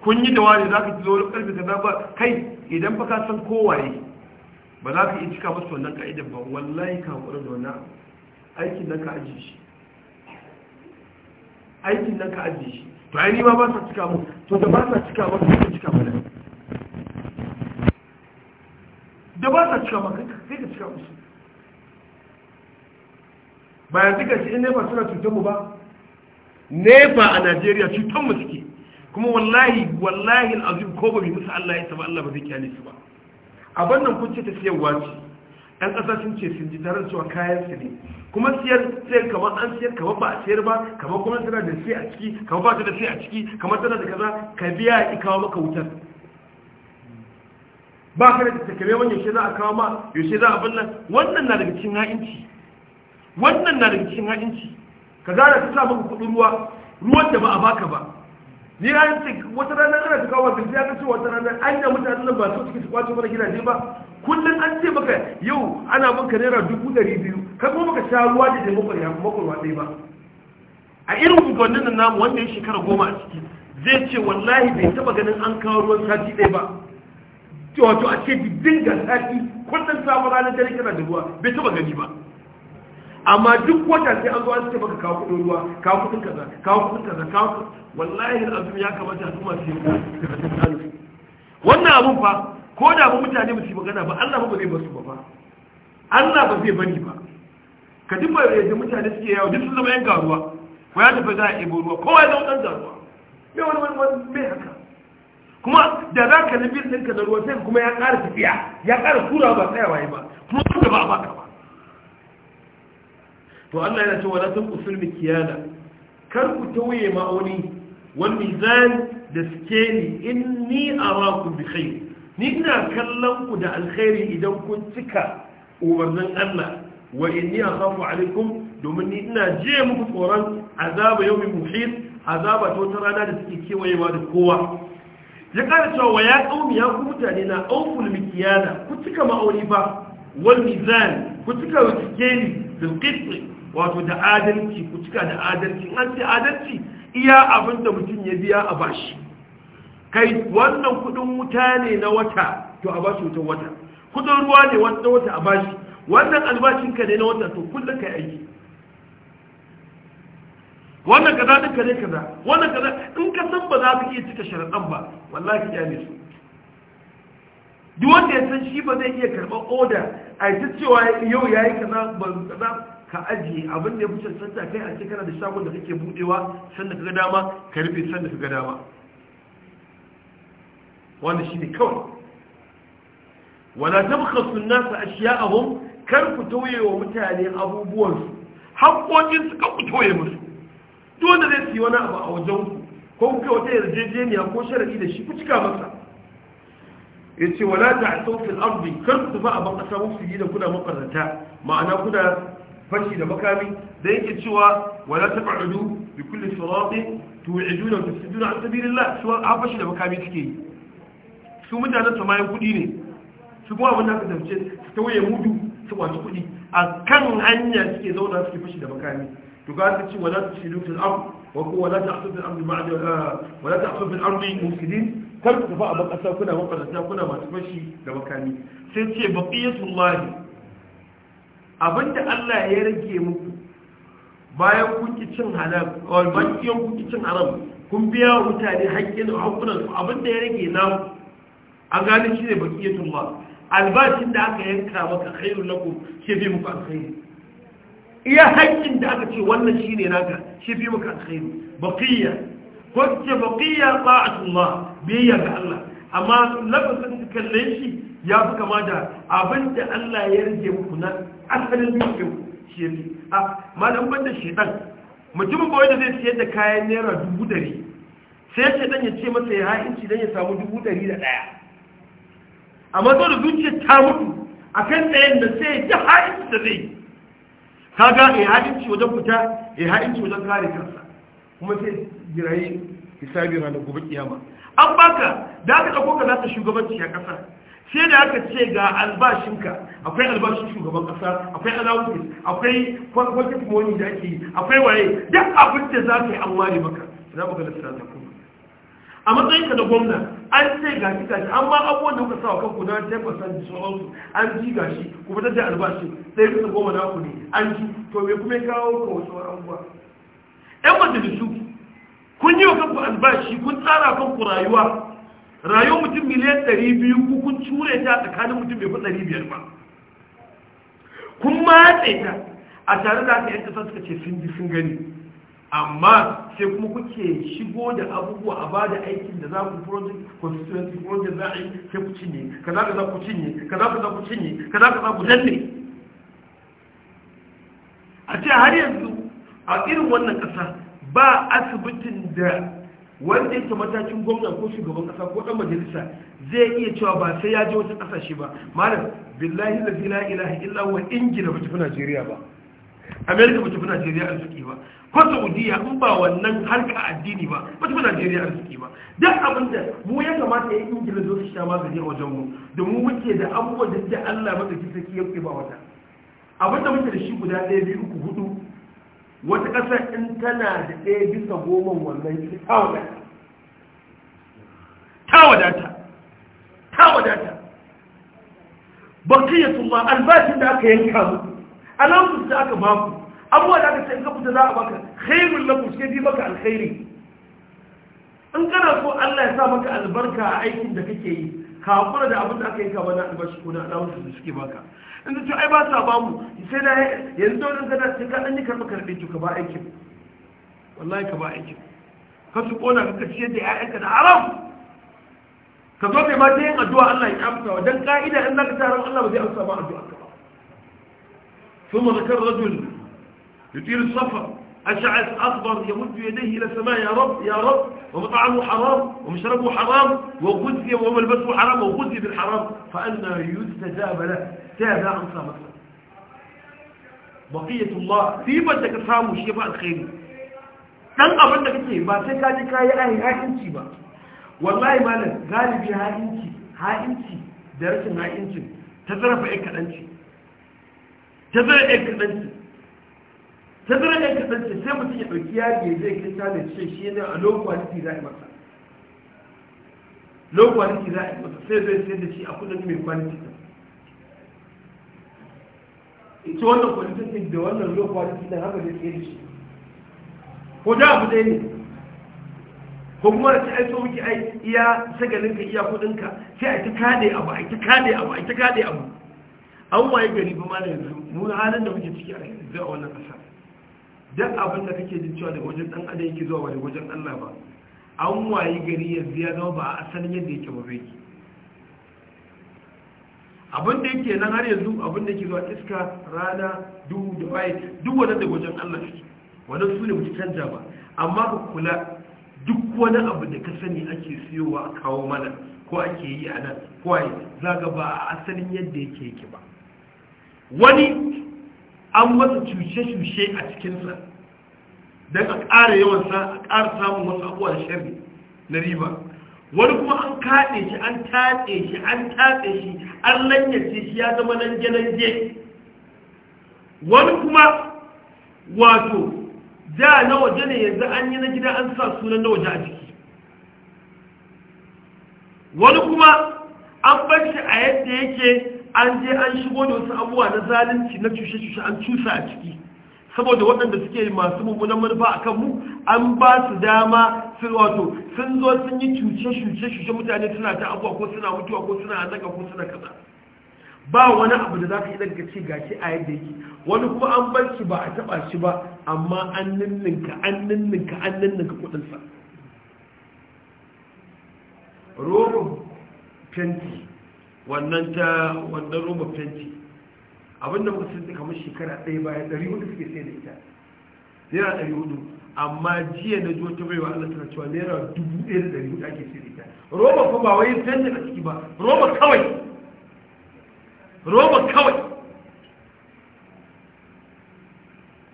kun yi da wani za ka zo karfi kaza ba kai idan ba ka san kowaye ba za ka iya cika masu wannan ka'idan ba wallahi ka hakuri da wannan aikin nan ka ajiye shi aikin nan ka ajiye shi to ai ma ba sa cika mu to da ba sa cika ba sa cika ba da ba sa cika ba kai ka cika musu ba yanzu ka ce ne ba suna cutar mu ba nefa a najeriya cutar mu suke kuma wallahi wallahi al'azim ko ba bi musu allah ya taba allah ba zai kyale su ba a wannan kun ce ta siyarwa ce yan ƙasa sun ce sun ji tarar cewa kayan su ne kuma siyar sai kamar an siyar kamar ba a siyar ba kamar kuma tana da sai a ciki kamar ba ta da sai a ciki kamar tana da kaza ka biya ya kawo maka wutar ba ka da kame wani yaushe za a kawo ma yaushe za a binna. wannan na daga cikin ha'inci wannan na daga cikin ha'inci ka gara ta sa maka kuɗin ruwa ruwan da ba a baka ba ni an ce wata rana ana ta kawo wasu ya ce wata rana an yi mutanen nan ba su suke su kwace mana gidaje ba kullum an ce maka yau ana banka naira dubu ɗari biyu kan kuma maka sha ruwa da taimakon ya makon ɗaya ba a irin gwannin nan namu wanda ya shekara goma a ciki zai ce wallahi bai taba ganin an kawo ruwan sati ɗaya ba wato a ce didin ga sati kullum samun ranar dare kana da ruwa bai taba gani ba amma duk wata sai an zo an ce maka kawo kudin ruwa kawo kudin kaza kawo kudin kaza kawo wallahi abin ya kamata ta tuma shi karatun wannan abun fa ko da ba mutane ba su magana ba Allah ba zai basu ba ba Allah ba zai bani ba ka duk ba yadda mutane suke yawo duk sun zama yan garuwa ko ya tafi za a ebo ruwa ko ya zama dan garuwa me wani wani wani me haka kuma da za ka nabi ɗinka da ruwa sai kuma ya ƙara tafiya ya ƙara tura ba tsayawa ba kuma wanda ba a baka ba to Allah yana cewa la tunqusul mikyala kar ku tauye ma'auni wani mizan da ni a arakum bi khair ni ina kallon ku da alkhairi idan kun cika umarnin Allah wa a akhafu alaikum domin ni ina je muku tsoron azaba yawmi muhit azaba ta wata rana da suke kewayewa da kowa ya kara cewa wa ya ƙaumi ya ku mutane na auful mikiyana ku cika ma'auni ba wal mizan ku cika wa cikeli bil qist wato da adalci ku cika da adalci an ce adalci iya abin da mutum ya biya a bashi kai wannan kudin wuta ne na wata to a bashi wutan wata kudin ruwa ne wata wata a bashi wannan albashin ka ne na wata to kullum ka aiki wannan kaza din ka ne kaza wannan kaza in ka san ba za ka iya cika sharaɗan ba wallahi ya ne su duk wanda ya san shi ba zai iya karɓar oda a yi cewa yau ya yi kaza ba kaza ka ajiye abin da ya fi cancanta kai a cikin da shagon da kake budewa sanda ka ga dama ka rufe sanda ka ga dama wanda shi ne kawai wala tabkhasu an-nasa ashya'ahum kar ku tauye wa mutane abubuwansu haƙoƙin su kan ku tauye musu dole zai su yi wani abu a wajen ku ko ku wata yarjejeniya ko sharadi da shi ku cika masa yace wala ta'tu fil ardi kar ku tafi a ban kasa mufsidi da kuna makaranta ma'ana kuna fashi da makami da yake cewa wala taq'udu bi kulli siratin tu'iduna wa tusiduna an sabilillah su a fashi da makami suke yi su mutanen samayin kudi ne su kuma abin da aka tafce su tawaye mudu su kwaci kudi a kan hanya suke zauna suke fashi da makami to ga ta ce wala tusidu fil ard wa ko wala ta'sud fil ard ma'a eh, wala ta'sud fil ard mufsidin kar ku tafi a bakasa kuna mabarata kuna masu fashi da makami sai ce baqiyatullahi abinda Allah ya rage muku bayan kuki cin halal oh, bakiyon kuki cin haram kun biya wa mutane haƙƙin hukunan su abinda ya rage na an gane shi ne bakiyatul ba. albashin da aka yanka maka khairu lakum shi bi muku alkhairi iya haƙƙin da aka ce wannan shi ne naka shi bi muku alkhairi bakiyya ko ce baqiya ta'atullah biyayya ga Allah amma lafazin kalle shi ya fi kama da abinda Allah ya rage muku na asalin dukkan shi fi, a malam banda shaitan mutumin ba da zai siyar da kayan naira dubu dari sai shedan ya ce masa ya ha'inci don ya samu dubu dari da ɗaya amma mazo da zuciya ta mutu a kan tsayen da sai ya ha'inci da zai ka ga ya ha'inci wajen fita ya ha'inci wajen kare kansa kuma sai jirayi hisabi ranar gobe kiyama an baka da aka ɗauko ka za ta shugabanci a ƙasa sai da aka ce ga albashinka akwai albashin shugaban kasa akwai alawutis akwai kwakwakin moni da ake yi akwai waye duk abin da za ka yi an ware maka za mu ga da sirata kuma a matsayinka na gwamna an ce gashi gashi amma abubuwan da kuka sa wa kanku na 10% da sauransu an ji gashi kuma da albashi sai kusa goma na ku ne an ji to me kuma kawo ka wasu abubuwa yan majalisu kun yi wa kanku albashi kun tsara kanku rayuwa rayuwar mutum miliyan 200 ku kun cure ta tsakanin mutum bai fi 500 ba kun matse ta a tare da aka yan suka ce sun ji sun gani amma sai kuma kuke shigo da abubuwa a ba da aikin da za ku project constituency project za a yi sai ku cinye ka za ka za ku cinye ka za ka za ku cinye ka za ka za ku danne a ce har yanzu a irin wannan kasa ba asibitin da wanda yake matakin gwamna ko shugaban kasa ko dan majalisa zai iya cewa ba sai ya je wata kasashe ba malam billahi la ilaha illa huwa ingila bata fi najeriya ba america bata fi najeriya arziki ba ko saudiya in ba wannan harka addini ba bata fi najeriya arziki ba duk abin da mu ya kamata ya ingila zo su sha magani a wajen mu mu muke da abubuwan da allah madauki sarki ya ba wata abin da muke da shi guda ɗaya biyu uku hudu wata ƙasar in tana da ɗaya bisa goma wannan ita ta wadata ta wadata bakiyatun ma albashin da aka yanka mu alamun da aka baku abuwa da aka sai ka fita za a baka khairun lakum sai bi maka alkhairi in kana so Allah ya sa maka albarka a aikin da kake yi ka da abin da aka yi kama na albashi ko na alawansu da suke baka in da ai ba sa ba mu sai na yanzu dole kana sai ka dan yi karɓa karɓe to ka ba aikin wallahi ka ba aikin ka su kona ka ciyar da ƴaƴanka da haram ka zo kai ma ta yin addu'a Allah ya amsa wa dan ka'ida in zaka taron Allah ba zai amsa ba addu'a ka ba ثم ذكر رجل يطيل السفر أشعث أكبر يمد يديه إلى السماء يا رب يا رب ومطعمه حرام ومشربه حرام وغذي وملبسه حرام وغذي بالحرام فأنا يستجاب له تابع عن بقية الله في بدك صام وشفاء الخير تلقى بدك الشيء ما سكادك يا أهي هاي انتي ما والله ما لك غالبي هاي انتي هاي انتي درسنا هاي انتي تذرف ايك أنتي تذرف ايك الانتي tazara ɗan kasance sai mutum ya ɗauki yari ya zai kai sada cikin shi yana a low quality za a yi masa low quality za a yi masa sai zai sayar da shi a kudin mai quality ɗin ita wannan quality ɗin da wannan low quality ɗin haka zai sayar da shi ko da abu ɗaya ne ko kuma da ta aiko miki ai iya sagalin ka iya kudin ka sai a ta kade abu a ta kade abu a ta kade abu an waye gari ba ma da yanzu mu halin da muke ciki a yanzu a wannan ƙasar. duk abin da kake jin cewa daga wajen dan adam yake zuwa daga wajen Allah ba an wayi gari yanzu ya zama ba a asalin yadda yake ba bai abin da yake nan har yanzu abin da yake zuwa iska rana duhu da waye duk wannan daga wajen Allah shi wannan su ne mutu canja ba amma ka kula duk wani abu da ka sani ake siyowa a kawo mana ko ake yi a nan ko ai zaga ba a asalin yadda yake yake ba wani an masa cushe-cushe a cikinsa don a ƙara yawansa a ƙara samun wasu abuwa da shari na riba wani kuma an kaɗe shi an taɗe shi an taɗe shi an lanyace shi ya zama nan je wani kuma wato da na waje ne yanzu an yi na gida an sa sunan na waje a ciki wani kuma an bar shi a yadda yake an je an shigo da wasu abubuwa na zalunci na cushe-cushe an cusa a ciki saboda waɗanda suke masu mummunan manufa a kanmu an ba su dama sun wato sun zo sun yi cuce-cuce mutane suna ta abuwa ko suna mutuwa ko suna annaka ko suna kaza ba wani abu da za ka yi daga ce shi a yadda yake wani kuma an bar shi ba a taba shi ba amma an ninninka an ninninka an ninninka kudinsa rohun fenti wannan ta wannan roba fenti abinda muka sun kamar shekara ɗaya bayan ɗari hudu suke sai da ita naira ɗari hudu amma jiya na zuwa ta baiwa allah tana cewa naira dubu ɗaya da ɗari hudu ake sai da ita roma ko ba wai fenti a ciki ba roba kawai roba kawai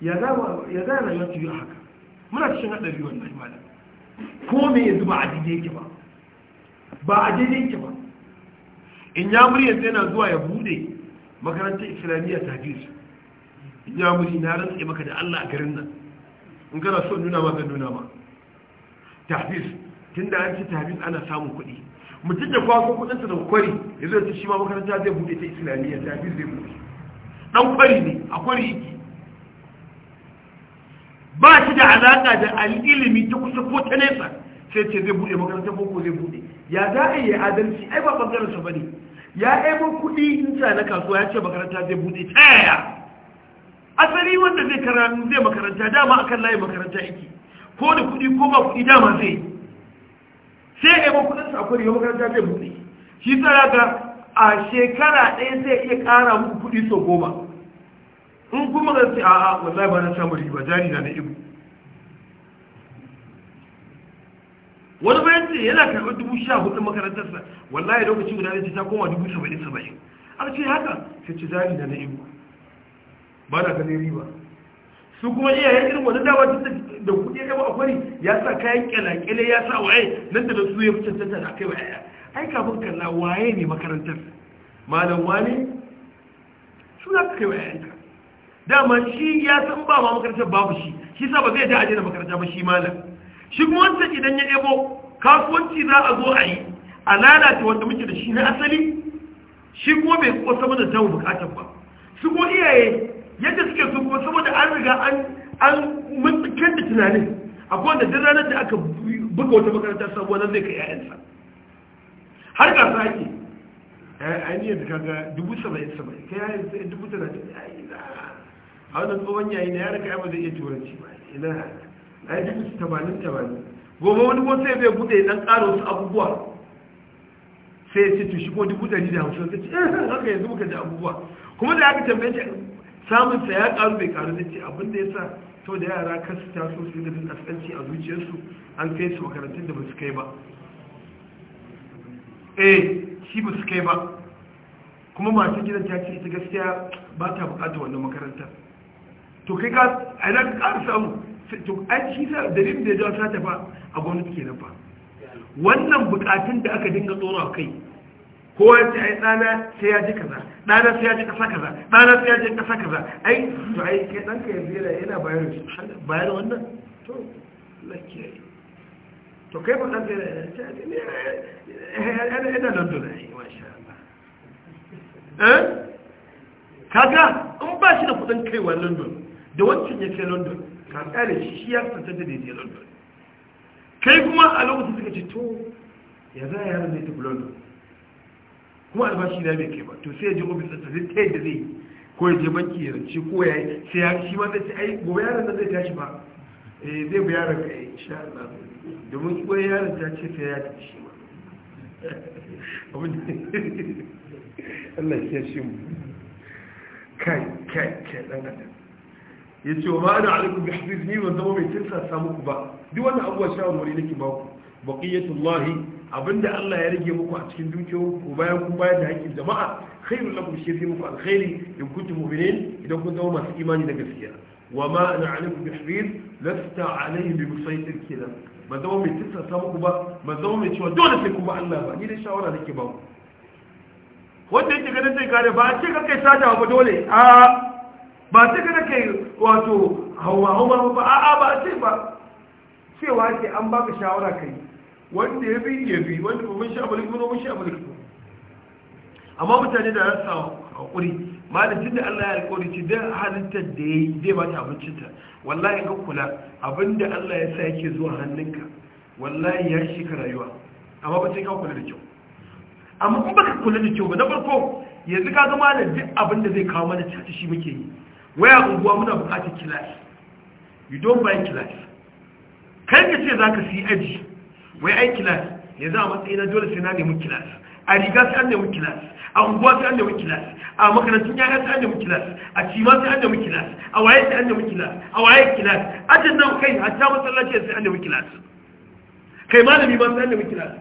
ya za a rayuwa ta yi haka muna cikin haɗari wannan malam ko me yanzu ba a daidai yake ba ba a daidai yake ba in ya murya sai zuwa ya bude makarantar islamiyya ta fi in ya murya na rantsa maka da allah a garin nan in kana so nuna ma nuna ma tahfiz tun da an ce tahfiz ana samun kuɗi mutum da kwaso kuɗinsa da kwari ya zai shi ma makaranta zai bude ta islamiyya tahfiz zai bude dan kwari ne a kwari yake ba shi da alaƙa da al'ilimi ta kusa ko ta nesa sai ce zai bude makarantar boko zai bude ya za a yi adalci ai ba ɓangaren sa ne. ya aibon kuɗi in na kasuwa ya ce makaranta zai buɗe ta yaya asali wanda zai karatu zai makaranta dama akan layi makaranta yake ko da kuɗi ko ba kuɗi dama zai sai ya ɗaibo kuɗin sa akwai makaranta zai buɗe shi ya ga a shekara ɗaya zai iya ƙara muku kuɗi sau goma in kuma ga sai a'a wallahi ba na samu riba jari na na ibu wani bayan ce yana karɓar dubu sha hudu makarantarsa wallahi lokaci guda ne ta koma dubu saba'in saba'in an ce haka ka ci zari da na iko ba na ganin riba su kuma iyayen irin wani dawa da kuɗi ya kwari ya sa kayan kyalakyale ya sa waye nan da su ya fi cancanta da kai waya ai kafin kalla waye ne makarantar malam wani su na ka kai ka dama shi ya san ba ma makarantar babu shi shi sa ba zai da aje na makaranta ba shi malam shi kuma wancan idan ya ebo kasuwanci za a zo a yi a lalata wanda muke da shi na asali shi kuma bai kuma saboda ta bukatar ba su kuma iyaye yadda suke su kuma saboda an riga an mutsakar da tunanin akwai wanda duk ranar da aka buga wata makarantar sabuwa nan zai ka yayansa har ga ake eh, ainihin da kaga dubu saba'in saba'in ka yayansa sai dubu da yayi na a wannan tsohon yayi na yara ka yamma zai iya turanci ba ina ayi dubu tamanin tamanin gobe wani ko sai bai buɗe ɗan ƙara wasu abubuwa sai ya ce to shi ko dubu dari da hamsin ka ce eh haka yanzu muka ji abubuwa kuma da aka tambaye ta samun sa ya karu bai karu da ce abin da ya sa to da yara kan su taso su da jin askanci a zuciyarsu an kai su makarantun da ba su kai ba eh shi ba su kai ba kuma masu gidan ta ce ita gaskiya ba ta bukatar wannan makaranta to kai ka a yana ka karu samu to ai shi sa da ya sata fa a gwamnati kenan fa wannan bukatun da aka dinga tsoro kai kowa ya ce ai ɗana sai ya ji kaza ɗana sai ya ji ƙasa kaza ɗana sai ya ji ƙasa kaza ai to ai kai ka yanzu yana yana bayar bayar wannan to lakiya to kai ba ɗanka yana yana eh, london ai masha Allah eh? kaga in ba shi da kuɗin kaiwa london da wancan ya kai london ka da shi ya tantance da ya london kai kuma a lokacin suka ce to ya za a yaran zai tafi london kuma albashi na mai kai ba to sai ya je ofis ɗinsa zai ta yadda zai ko ya je banki ya rance ko ya sai ya shi ma zai ce ai gobe yaran nan zai tashi ba eh zai bi yaran ka insha Allah domin ko yaran ta ce sai ya tashi ma Allah ya shi mu kai kai kai dan adam ya ce wa ma'ana alaikum bi hafiz ni ban zama mai tirsa sa muku ba duk wannan abubuwa shawarwari nake ba ku baqiyatullahi abinda Allah ya rage muku a cikin dukiyoyin ku bayan kun bayar da hakkin jama'a khairul lakum shi fi muku alkhairi in kuntum mu'minin idan kun zama masu imani da gaskiya wa ma ana alaikum bi hafiz lasta alaihi bi musaitir kenan ban zama mai tirsa sa muku ba ban zama mai cewa dole sai kuma Allah ba ni da shawara nake ba ku wanda yake ganin zai kare ba a ce kai sata ba dole a ba ta kada kai wato hawa hawa ba a'a ba ce ba cewa ke an ba ka shawara kai wanda ya bi ya bi wanda ba mun sha abalik ba mun sha abalik ba amma mutane da rasa hakuri ma da Allah ya alƙawari ci da halitta da yayi zai ba ta abincinta wallahi ka kula abinda Allah ya sa yake zuwa hannunka wallahi ya shi ka rayuwa amma ba sai ka kula da kyau amma kuma ka kula da kyau ba na farko yanzu ka zama da duk abin da zai kawo mana caci shi muke yi waya unguwa muna bukatar kilashi you don't buy kilashi kai ka ce za ka siyi aji wai ai ne za a matsayi na dole sai na nemi kilashi a riga sai an nemi kilashi a unguwa sai an nemi kilashi a makarantun yaya sai an nemi kilashi a cima sai an nemi kilashi a waye sai an nemi kilashi a waye a ajin nan kai a ta masallaci sai an nemi kilashi kai malami ma sai an nemi kilashi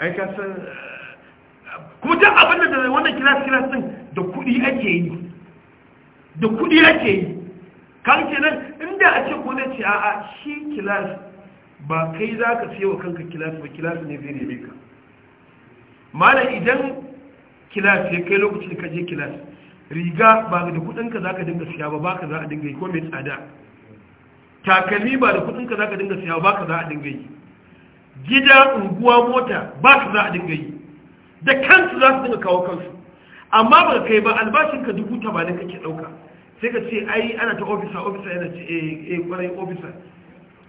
ai ka san eh, kuma duk abin da wannan kilashi kilashi din da kuɗi ake yi da kuɗi ake yi kan kenan inda a ce ko na ce a'a shi kilas ba kai za ka siya wa kanka kilas ba kilas ne zai neme ka mana idan kilas ya kai lokacin ka je kilas riga ba da kuɗinka za ka dinga siya ba ba ka za a dinga yi ko mai tsada takalmi ba da kuɗinka za ka dinga siya ba ka za a dinga yi gida unguwa mota ba ka za a dinga yi da kansu za su dinga kawo kansu amma ba kai ba albashin ka dubu tamanin kake ɗauka sai ka ce ai ana ta ofisa ofisa yana ce eh kwarai eh, ofisa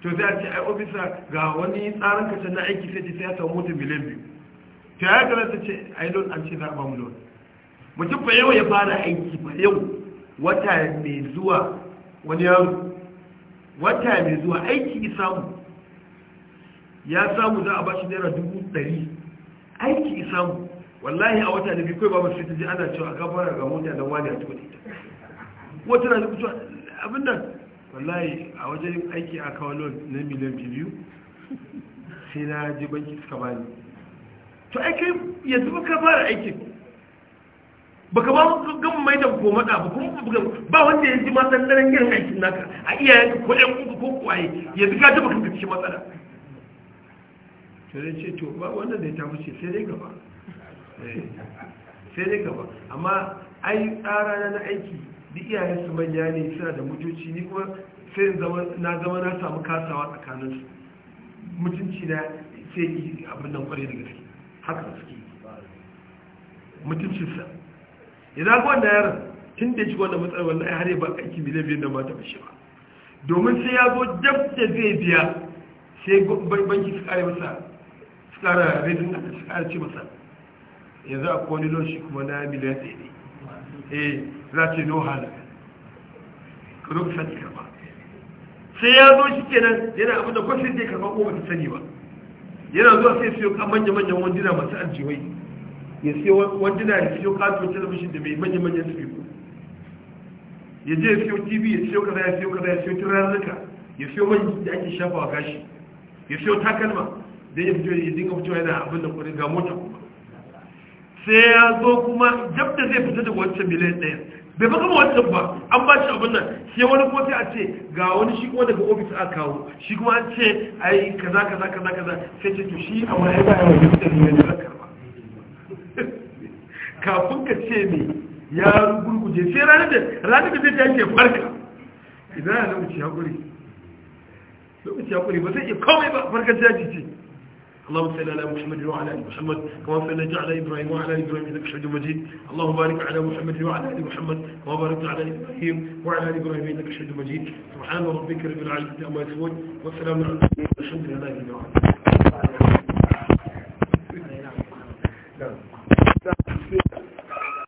to sai a ce ai ofisa ga wani tsarin ka na aiki sai ce sai ya samu mutum miliyan biyu to ya ga ta ce ai don an ce za a ba mu don mutum ba yau ya fara aiki ba yau wata mai zuwa wani yaro wata mai zuwa aiki samu ya samu za a ba shi naira dubu ɗari aiki samu wallahi a wata da biyu kai babu mu ta ana cewa a gafara ga mota da wani a tuɗe wata na zuku cewa abin nan wallahi a wajen aiki a kawo na miliyan biyu sai na je banki suka bani to ai yanzu ba ka fara aikin baka ba mu gan mai da ko mada ba kuma ba wanda ya ji masan daren irin aikin naka a yanka ko ɗan uku ko kwaye yanzu ka ji baka cikin matsala to dai ce to ba wanda da ya tafi ce sai dai gaba sai dai gaba amma ai tsara na aiki duk iyayen su manya ne suna da mujoci ni kuma sai na zama na samu kasawa tsakanin su mutunci na sai yi abin nan kwarai da gaske haka da suke mutuncinsa idan ku wanda yaran tun da shi wanda wanda ai har ba aiki miliyan biyan da ba ta bashi ba domin sai ya zo da zai biya sai banki su kare masa su kara raisin da su kare ce masa yanzu akwai wani loshi kuma na miliyan ɗaya eh za ce no halin ka zo ka sani karba sai ya zo shi kenan yana abin da kwasir zai karba ko bata sani ba yana zuwa sai siyo kan manya-manyan wandina masu aljiwai ya siyo wandina ya siyo kato talabishin da mai manya-manyan spiku ya je ya siyo tv ya siyo kaza ya siyo kaza ya siyo turarnuka ya siyo man da ake shafa gashi ya siyo takalma da ya fito ya dinga fito yana abin da kudin ga mota kuma sai ya zo kuma jab da zai fita daga wancan miliyan ɗaya bai baka wancan ba an ba shi abin nan sai wani kuma sai a ce ga wani shi kuma daga ofis a kawo shi kuma an ce ai kaza kaza kaza kaza sai ce to shi a wani ya yawa wani fitar miliyan da karba kafin ka ce ne ya gurguje sai ranar da ranar da zai ta yake farka idan ya lokaci hakuri lokaci hakuri ba zai iya komai ba farkar jaji ce اللهم صل على محمد وعلى ال محمد كما صليت على ابراهيم وعلى ال ابراهيم انك حميد مجيد اللهم بارك على محمد وعلى ال محمد كما باركت على ابراهيم وعلى ال ابراهيم انك حميد مجيد سبحان ربك رب العزه عما يصفون والسلام على المرسلين والحمد لله رب العالمين